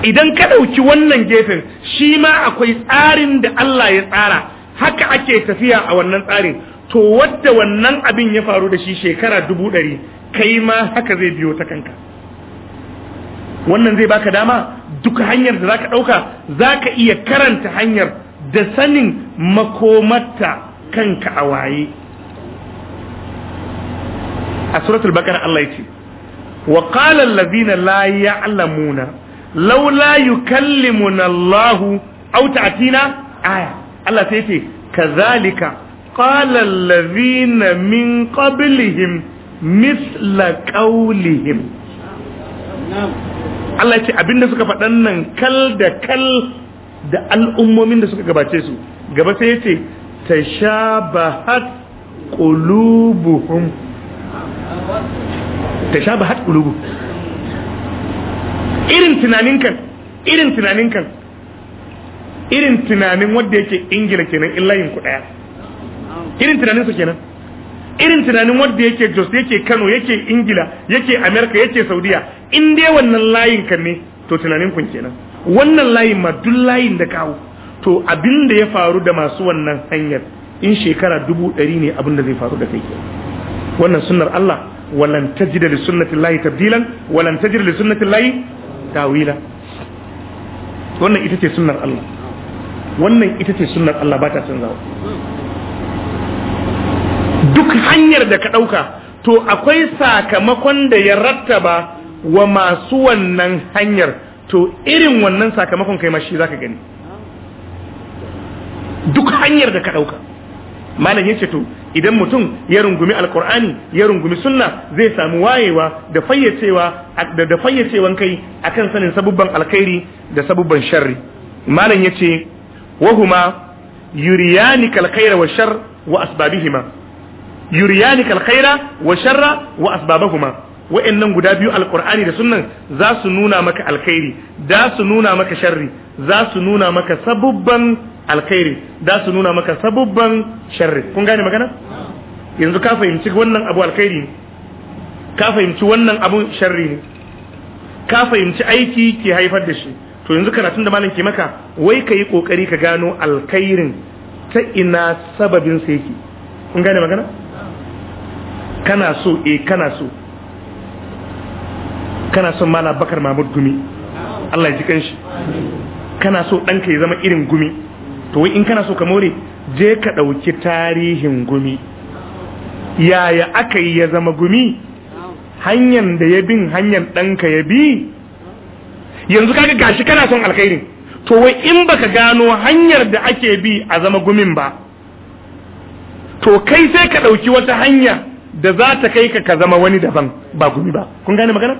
idan ka ɗauki wannan gefen shi ma akwai tsarin da Allah ya tsara haka ake tafiya a wannan tsarin to wadda wannan abin ya faru da shi shekara dubu ɗari kai ma haka zai biyo ta kanka wannan zai baka dama duka hanyar da zaka ɗauka zaka iya karanta hanyar da sanin makomarta kanka a waye a suratul baqara Allah ya ce wa qala allazina la ya'lamuna laula yukallimuna Allah aw ta'tina aya Allah sai yace kazalika qala allazina min qablihim misla qawlihim Allah ce abinda suka faɗan nan kal da kal da al'ummomin da suka gabace su gaba sai yace tashabahat qulubuhum mutashabahat qulubu irin tunanin kan irin tunanin kan irin tunanin wanda yake ingila kenan illayin ku daya irin tunanin su kenan irin tunanin wanda yake Jos yake Kano yake Ingila yake Amerika yake Saudiya in dai wannan layin kan ne to tunanin kun kenan wannan layin ma duk layin da kawo to abin da ya faru da masu wannan hanyar in shekara dubu ɗari ne abin da zai faru da kai wannan sunnar Allah ولن تجد لسنة الله تبديلا ولن تجد لسنة الله تاويلا wannan ita ce sunnar Allah wannan ita ce sunnar Allah ba ta canzawa duk hanyar da ka dauka to akwai sakamakon da ya rattaba wa masu wannan hanyar to irin wannan sakamakon kai ma shi zaka gani duk hanyar da ka dauka malam yace to idan mutum ya rungumi alkur'ani ya rungumi sunna zai samu wayewa da fayyacewa da fayyacewan kai akan sanin sabubban alkhairi da sabubban sharri malam yace wahuma yuriyanika alkhaira wa shar wa asbabihima yuriyanika alkhaira wa sharra wa asbabahuma wa'annan guda biyu alkur'ani da sunnan za su nuna maka alkhairi za su nuna maka sharri za su nuna maka sabubban alkhairi da su nuna maka sabubban sharri kun gane magana yanzu ka fahimci wannan abu alkhairi ne ka fahimci wannan abu sharri ne ka fahimci aiki ke haifar da shi to yanzu karatun da malam ke maka wai ka yi kokari ka gano alkhairin ta ina sababin sa yake kun gane magana kana so eh kana so kana son malam bakar mahmud gumi Allah ya ji kanshi kana so ɗanka ya zama irin gumi to wai in kana so ka more je ka ɗauki tarihin gumi yaya aka yi ya zama gumi hanyar da ya bin hanyar ɗanka ya bi yanzu kaga gashi kana son alkhairin to wai in baka gano hanyar da ake bi a zama gumin ba to kai sai ka ɗauki wata hanya da za ta kai ka ka zama wani daban ba gumi ba kun gane magana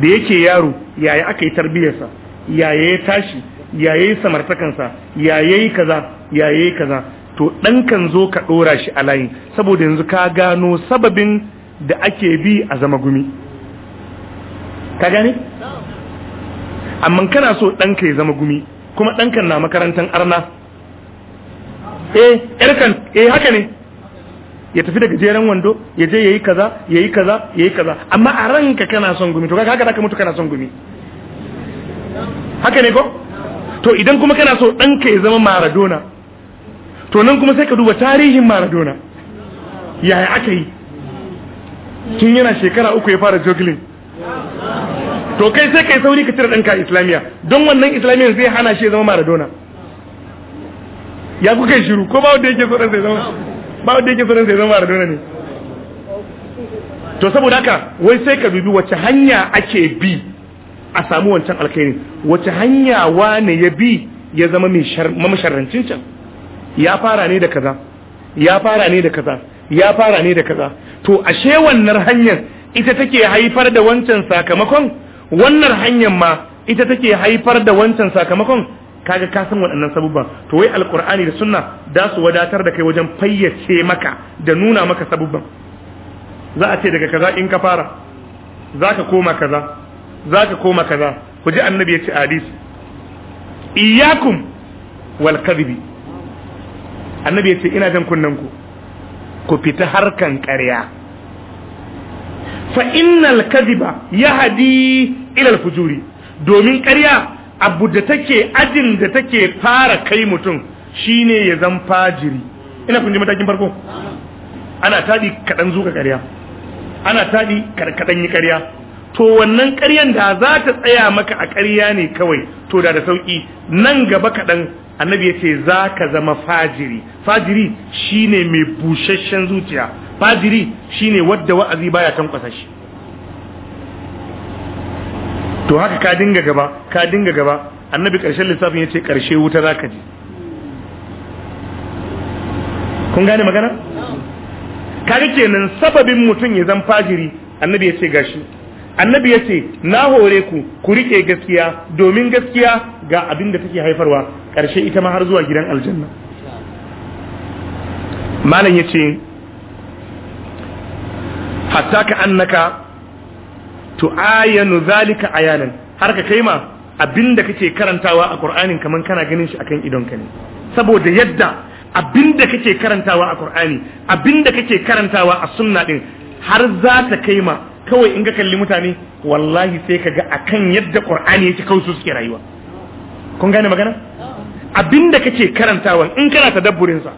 da yake yaro yaya aka yi tarbiyyarsa yaya ya tashi yaya yi samartakansa yaya yi kaza yaya yi kaza to ɗan kan zo ka ɗora shi a layin saboda yanzu ka gano sababin da ake bi a zama gumi ka gane? amma kana so ɗanka ya zama gumi kuma ɗankan na makarantar arna eh yarkan eh haka ne ya tafi daga jeren wando ya je ya yi kaza ya yi kaza ya yi kaza amma a ranka kana son gumi to kaga haka mutu kana son gumi haka ne ko to idan kuma kana so ɗanka ya zama maradona to nan kuma sai ka duba tarihin maradona yaya aka yi tun yana shekara uku ya fara jogling to kai sai kai sauri ka cire ɗanka islamiyya don wannan islamiyya zai hana shi zama maradona ya kuka shiru ko ba wanda yake so sai zama ba wanda yake zama maradona ne to saboda haka wai sai ka dubi wace hanya ake bi a samu wancan alkhairin, wace hanya wane ya bi ya zama mai masharrancin can ya fara ne da kaza ya fara ne da kaza ya fara ne da kaza to ashe wannan hanyar ita take haifar da wancan sakamakon wannan hanyar ma ita take haifar da wancan sakamakon kaga ka san waɗannan sabubban to wai alkur'ani da sunna da su wadatar da kai wajen fayyace maka da nuna maka sabubban za a ce daga kaza in ka fara za ka koma kaza za ka koma kaza ku ji annabi ya ce hadisi iyyakum wal kadhibi annabi ya ce ina jan kunnen ku ku fita harkan ƙarya fa innal kadhiba yahdi ila al fujuri domin ƙarya abu da take ajin da take fara kai mutum shine ya zan fajiri ina kun ji matakin farko ana tadi kadan zuka ƙarya ana tadi karkadan yi ƙarya to wannan ƙaryan da za ta tsaya maka a ƙarya ne kawai to da da sauki nan gaba kaɗan annabi ya ce za ka zama fajiri fajiri shi ne mai busasshen zuciya fajiri shi ne wadda wa'azi baya tankwasa shi to haka ka dinga gaba ka dinga gaba annabi ƙarshen lissafin ya ce ƙarshe wuta za ka je kun gane magana kaga kenan sababin mutum ya zan fajiri annabi ya ce gashi annabi ya ce na hore ku ku rike gaskiya domin gaskiya ga abin da take haifarwa ƙarshe ita ma har zuwa gidan aljanna malam ya ce hatta ka annaka ayanu zalika ayanan har ka kai ma abin da kake karantawa a ƙur'anin kaman kana ganin shi akan idonka ne saboda yadda abin da kake karantawa a ƙur'ani abin da kake karantawa a sunna din har za ta kai ma kawai in ka kalli mutane wallahi sai ka ga akan yadda qur'ani yake kawai su suke rayuwa kun gane magana abinda kake karantawa in kana tadabburin sa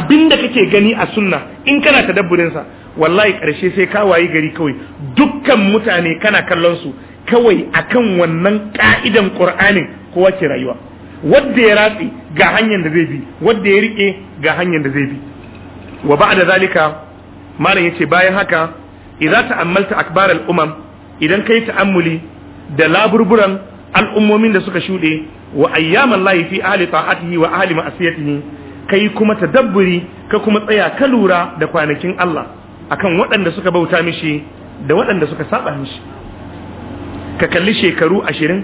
abinda kake gani a sunna in kana tadabburin sa wallahi karshe sai ka wayi gari kawai dukkan mutane kana kallon su kawai akan wannan ka'idan qur'anin kowa ke rayuwa wanda ya ratsi ga hanyar da zai bi wanda ya rike ga hanyar da zai bi wa ba'da zalika malam yace bayan haka Idan ta'ammalta akbar al idan kai ta'ammuli da laburburan al'ummomin da suka shude wa ayyaman lahi fi ahli ta'atihi wa ahli ma'asiyatihi kai kuma tadabburi ka kuma tsaya ka lura da kwanakin Allah akan waɗanda suka bauta mishi da waɗanda suka saba mishi ka kalli shekaru ashirin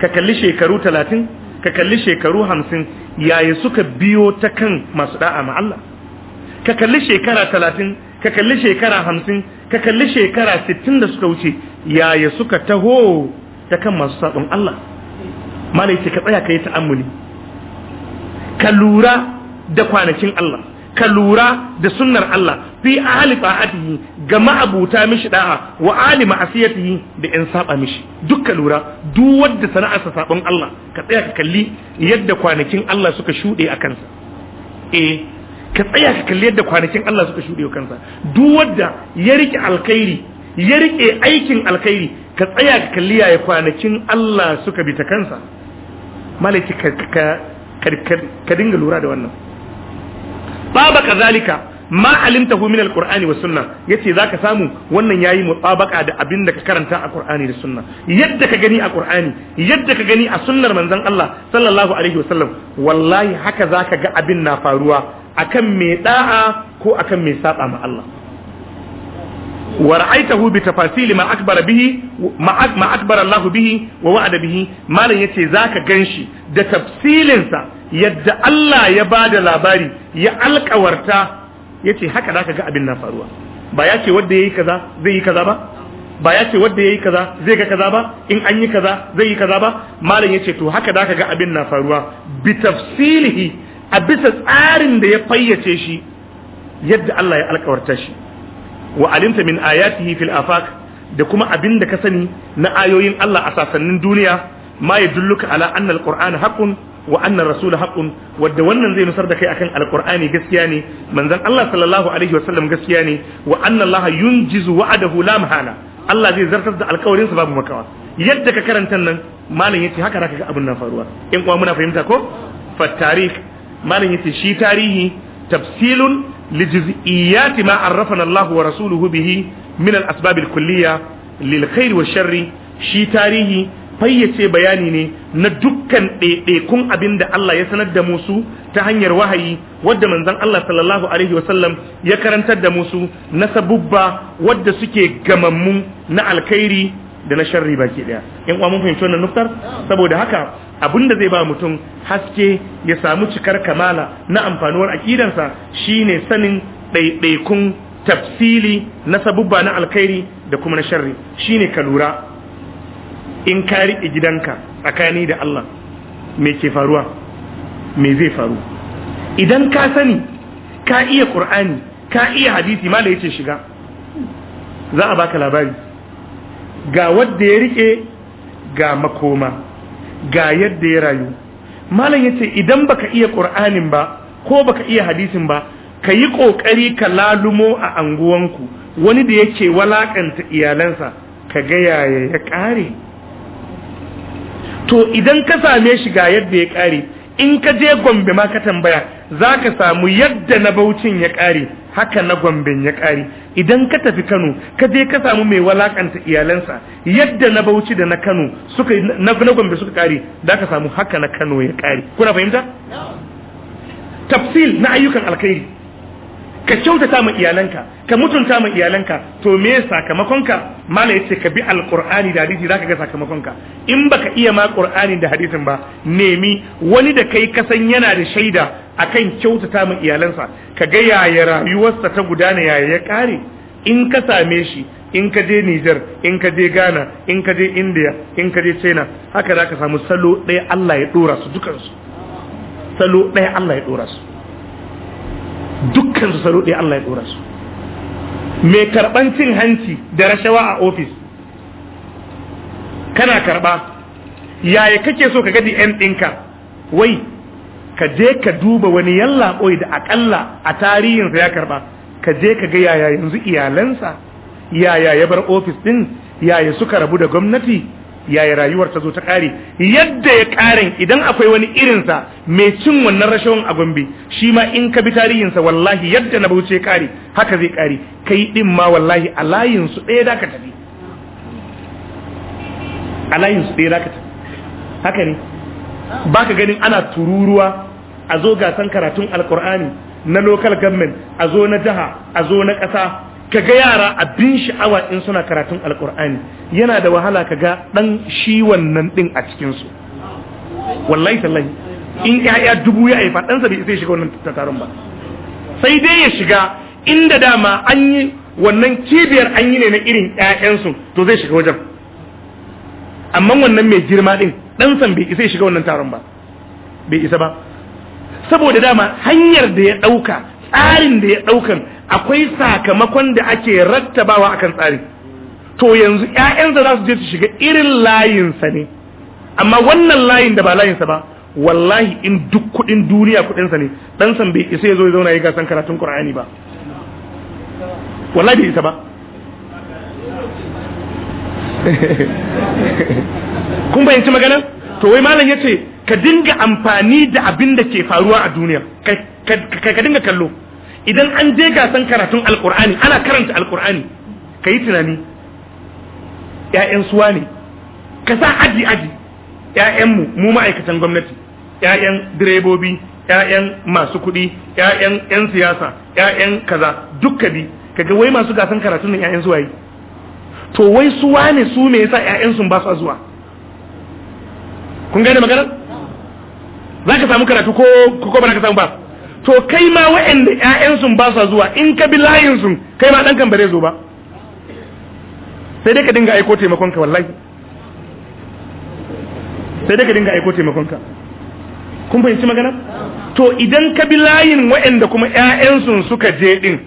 ka kalli shekaru talatin ka kalli shekaru hamsin yaya suka biyo ta kan masu da'a ma Allah ka kalli shekara talatin ka kalli shekara hamsin ka kalli shekara sittin da suka wuce yaya suka taho ta kan masu saɓon Allah malai ka tsaya ka yi ta'ammuli ka lura da kwanakin Allah ka lura da sunnar Allah fi ahli ta'atihi ga ma'abuta mishi da'a wa ali ma'asiyatihi da in saba mishi dukka lura duk wadda sana'arsa sabon Allah ka tsaya ka kalli yadda kwanakin Allah suka shuɗe a kansa eh ka tsaya ka kalli yadda kwanakin Allah suka shuɗe kansa duk wanda ya rike alkhairi ya rike aikin alkhairi ka tsaya ka kalli yaya kwanakin Allah suka bi ta kansa malaki ka ka ka dinga lura da wannan baba kazalika ma alimtahu min alqur'ani was sunna yace zaka samu wannan yayi mutabaka da abin da ka karanta a qur'ani da sunna yadda ka gani a qur'ani yadda ka gani a sunnar manzon Allah sallallahu alaihi wasallam wallahi haka zaka ga abin na faruwa akan mai da'a ko akan mai saba ma Allah ورأيته bihi ما bihi به ما أكبر bihi به ووعد به ما لن يتي ذاك da ده تفصيل يد الله يباد labari ya alkawarta. ce haka ka ga abin na faruwa ba ya ce ya yi kaza zai yi kaza ba ba ya ce ya yi kaza zai ga kaza ba in an yi kaza zai yi kaza ba malam ya ce to haka ka ga abin na faruwa bi tafsilihi a bisa tsarin da ya fayyace shi yadda Allah ya alkawarta shi wa alimta min ayatihi fil afaq da kuma abin da ka sani na ayoyin Allah a sasannin duniya ma yadulluka ala anna alqur'ana haqqun wa annar rasul haqqun wadda wannan zai nusar da kai akan alqur'ani gaskiya ne manzon Allah sallallahu alaihi wasallam gaskiya ne wa anna Allah yunjizu wa'adahu la mahala Allah zai zartar da alƙawarin sa babu makawa yadda ka karanta nan malam yace haka zaka ga abin nan faruwa in kuma muna fahimta ko fa tarikh malam yace shi tarihi tafsilun li juz'iyati ma arrafana Allah wa rasuluhu bihi min al asbab al kulliyya lil khair wa sharri shi tarihi fayyace bayani ne na dukkan ɗaiɗaikun abin da Allah ya sanar da musu ta hanyar wahayi wadda manzon Allah sallallahu alaihi wasallam ya karantar da musu na sabubba wadda suke gamammu na alkhairi da na sharri baki ɗaya, in uwa mun fahimci wannan nuftar? saboda haka abin da zai ba mutum haske ya samu cikar kamala na amfanuwar akidansa shine sanin ɗaiɗaikun tafsili na sabubba na alkhairi da kuma na sharri shine ka lura in ka riƙe gidanka tsakani da Allah me ke faruwa me zai faru idan ka sani ka iya ƙur'ani ka iya hadisi ma yace shiga za a baka labari ga wadda ya riƙe ga makoma ga yadda ya rayu malam yace idan baka iya ƙur'anin ba ko baka iya hadisin ba ka yi ƙoƙari ka lalumo a anguwanku wani da yake walakanta iyalansa ka ga yaya ya ƙare to idan ka same shi ga yadda ya ƙare in ka je gombe ma ka tambaya za ka samu yadda na baucin ya ƙare haka na gomben ya ƙare idan ka tafi kano ka je ka samu mai walakanta iyalansa yadda na bauchi da na kano suka na gombe suka kare za ka samu haka na kano ya kare kuna fahimta tafsil na ayyukan alkhairi ka kyautata mu iyalanka ka mutunta mu iyalanka to me sakamakonka mala yace ka bi alqur'ani da hadisi zaka ga sakamakonka in baka iya ma qur'ani da hadisin ba nemi wani da kai kasan yana da shaida akan kyautata mu iyalansa ka ga yaya rayuwarsa ta gudana yaya ya kare in ka same shi in ka je Niger in ka je Ghana in ka je India in ka je China haka zaka samu salo ɗaya Allah ya dora su dukansu salo ɗaya Allah ya dora su dukkan su saruɗe Allah ya ɗora su mai karɓan cin hanci da rashawa a ofis kana karɓa yaya kake so ka gadi ɗin ɗinka wai ka je ka duba wani yalla ɓoyi da aƙalla a tarihinsa ya karɓa ka je ka ga yaya yanzu iyalansa yaya ya bar ofis ɗin yaya suka rabu da gwamnati yaya rayuwar ta zo ta kare yadda ya karen idan akwai wani irinsa mai cin wannan rashawan a gombe shi ma in ka bi tarihinsa wallahi yadda na bauce kare haka zai kare kai din ma wallahi a layinsu su ɗaya da ka tafi a layinsu ɗaya da ka tafi haka ne ba ka ganin ana tururuwa a zo gasan karatun alkur'ani na local government a zo na jiha a zo na ƙasa kaga yara abin sha'awa in suna karatun alkur'ani yana da wahala kaga dan shi wannan din a cikin su wallahi tallahi in ƴaƴa dubu ya haifa ɗansa bai sai shiga wannan tattarin ba sai dai ya shiga inda dama an yi wannan kibiyar an yi ne na irin ƴaƴansu to zai shiga wajen amma wannan mai girma din ɗansa bai isa shiga wannan taron ba bai isa ba saboda dama hanyar da ya ɗauka tsarin da ya ɗaukan akwai sakamakon da ake rattabawa akan tsari to yanzu ƴaƴansa za su je su shiga irin layinsa ne amma wannan layin da ba layinsa ba wallahi in duk kuɗin duniya kuɗinsa ne ɗan san bai isa ya zo ya zauna ya gasan karatun Qur'ani ba wallahi bai isa ba kun bayanci magana to wai malam yace ka dinga amfani da abin da ke faruwa a duniya ka dinga kallo idan an je gasan karatun alkur'ani ana karanta alkur'ani ka yi tunani ‘ya'yan suwa ne ka sa aji aji ‘ya'yanmu mu ma'aikatan gwamnati ‘ya'yan direbobi ‘ya'yan masu kuɗi ‘ya'yan ‘yan siyasa ‘ya'yan kaza dukka bi kaga wai masu gasan karatun nan ‘ya'yan suwaye to wai suwa ne su me yasa ‘ya'yan sun ba su zuwa kun gane magana za ka samu karatu ko ko ba ka samu ba to kai ma waɗanda ƴaƴansu ba sa zuwa in ka bi layinsu kai ma ɗankan ba zai zo ba sai dai ka dinga aiko taimakonka wallahi sai dai ka dinga aiko taimakonka kun fahimci magana to idan ka bi layin waɗanda kuma ƴaƴansu suka je din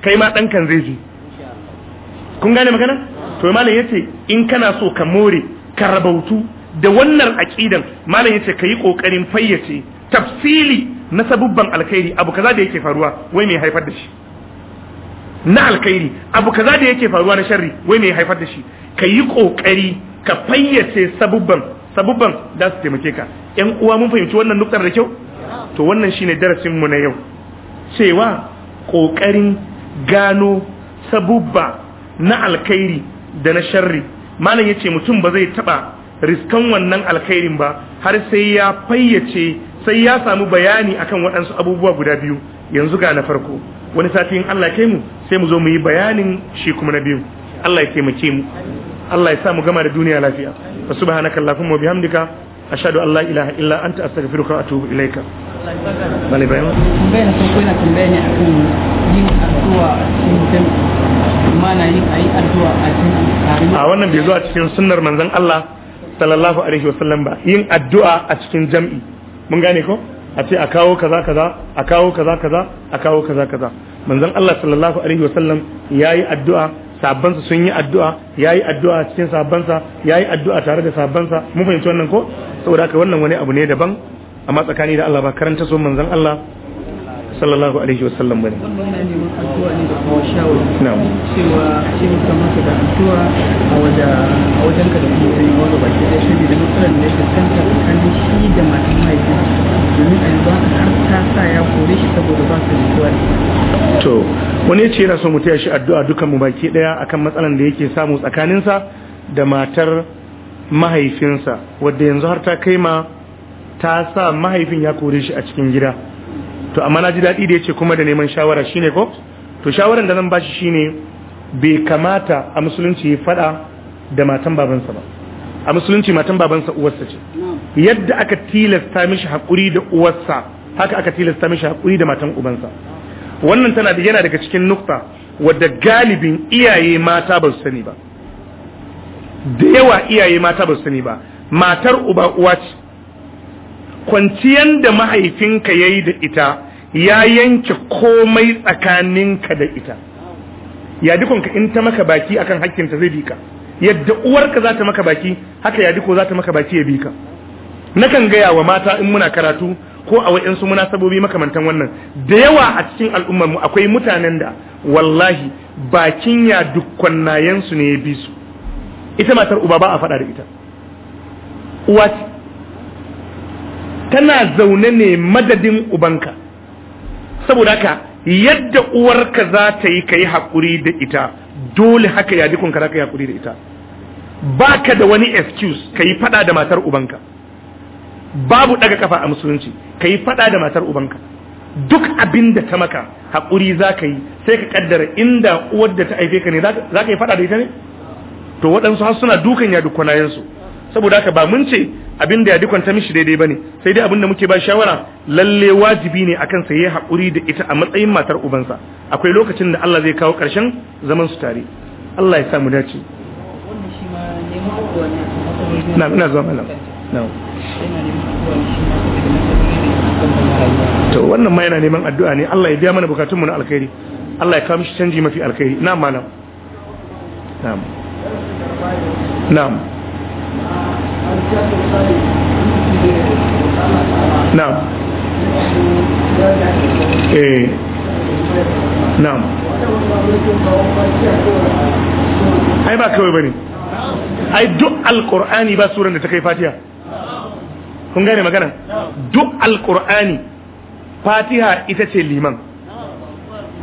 kai ma ɗankan zai je kun gane magana to malam yace in kana so ka more ka rabautu da wannan aqidan malam yace kai kokarin fayyace tafsili na sabubban alkhairi abu kaza da yake faruwa wai mai haifar da shi na alkhairi abu kaza da yake faruwa na sharri wai mai haifar da shi ka yi kokari ka fayyace sabubban sabubban da su taimake ka yan uwa mun fahimci wannan nuktar da kyau to wannan shine darasin mu na yau cewa kokarin gano sabubba na alkhairi da na sharri malam yace mutum ba zai taba riskan wannan alkhairin ba har sai ya fayyace sai ya samu bayani akan waɗansu abubuwa guda biyu yanzu ga na farko wani sati in Allah kai mu sai mu zo mu yi bayanin shi kuma na biyu Allah ya taimake mu Allah ya sa mu gama da duniya lafiya wa subhanaka allahumma wa bihamdika ashhadu an la ilaha illa anta astaghfiruka wa atubu ilayka bale bayan bayan ko ina tambaya ne akan yin addu'a cikin amma mana yin ayi addu'a a cikin a wannan bai zo a cikin sunnar manzon Allah sallallahu alaihi wasallam ba yin addu'a a cikin jam'i mun gane ko a ce a kawo kaza kaza a kawo kaza kaza a kawo kaza kaza manzon Allah sallallahu alaihi wasallam yayi addu'a sa sun yi addu'a yayi addu'a cikin ya yayi addu'a tare da sabonsa mun fahimci wannan ko saboda haka wannan wani abu ne daban amma tsakani da Allah ba karanta so manzon Allah sallallahu alaihi wa sallam bane na'am cewa ce muka maka da addu'a a wajen a wajen ka da kuma sai wanda baki da shi da matsalar da yake ta tsakanin shi da matan mahaifi domin a yanzu har ta sa ya kore shi saboda ba su da to wani ya ce yana son mu taya shi addu'a dukan mu baki daya akan matsalar da yake samu tsakaninsa da matar mahaifinsa wadda yanzu har ta kai ma ta sa mahaifin ya kore shi a cikin gida to amma na ji daɗi da ya ce kuma da neman shawara shine ko to shawaran da zan bashi ne bai kamata a musulunci ya faɗa da matan babansa ba a musulunci matan babansa uwarsa ce yadda aka tilasta mishi haƙuri da uwarsa haka aka tilasta mishi haƙuri da matan ubansa wannan tana da yana daga cikin nukta wadda galibin iyaye mata ba su sani ba da yawa iyaye mata ba su sani ba matar uba uwa ce Kwanciyar da mahaifinka ya yi da ita ya yanke komai tsakaninka da ita ya dukunka in ta maka baki akan hakkinta zai bika yadda uwarka za ta maka baki haka ya duko za ta maka baki ya bika nakan gaya wa mata in muna karatu ko a wa'insu munasabobi makamantan wannan da yawa a cikin al'ummarmu akwai mutanen da wallahi bakin ya dukkan ne ya bi su ita matar uba ba a faɗa da ita uwa tana zaune ne madadin ubanka saboda haka yadda uwarka za ta yi ka yi haƙuri da ita dole haka ya dukunka ka yi haƙuri da ita ba ka da wani excuse ka yi faɗa da matar ubanka babu ɗaga kafa a musulunci ka yi faɗa da matar ubanka duk abin da ta maka haƙuri za ka yi sai ka ƙaddara inda uwar da ta aife ka ne za ka yi faɗa da ita ne to waɗansu har suna dukan ya dukkanayensu saboda haka ba mun ce abin da ya ta mishi daidai bane sai dai abin da muke ba shawara lalle wajibi ne akan sa yayi hakuri da ita a matsayin matar ubansa akwai lokacin da Allah zai kawo karshen zaman su tare Allah ya sa mu dace na ina zuwa malam to wannan ma yana neman addu'a ne Allah ya biya mana bukatunmu na alkhairi Allah ya kawo mishi canji mafi alkhairi na malam na'am na'am na'am eh na'am ai ba kawai bane ai duk alqur'ani ba suran da kai fatiha kun gane magana duk alqur'ani fatiha ita ce liman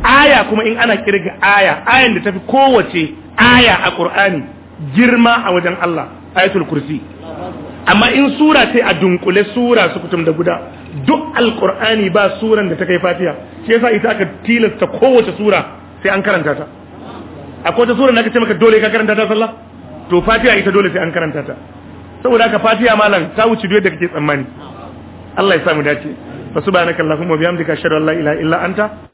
aya kuma in ana kirga aya ayan da tafi kowace aya a qur'ani girma a wajen Allah ayatul kursi amma in sura ce a dunkule sura su kutum da guda duk alkur'ani ba suran da ta kai fatiya, shi yasa ita aka tilasta kowace sura sai an karanta ta A kowace sura da aka ce maka dole ka karanta ta sallah to fatiha ita dole sai an karanta ta saboda haka fatiha malam ta wuce duk da kake tsammani Allah ya samu dace fa subhanakallahumma wa bihamdika ashhadu an la ilaha illa anta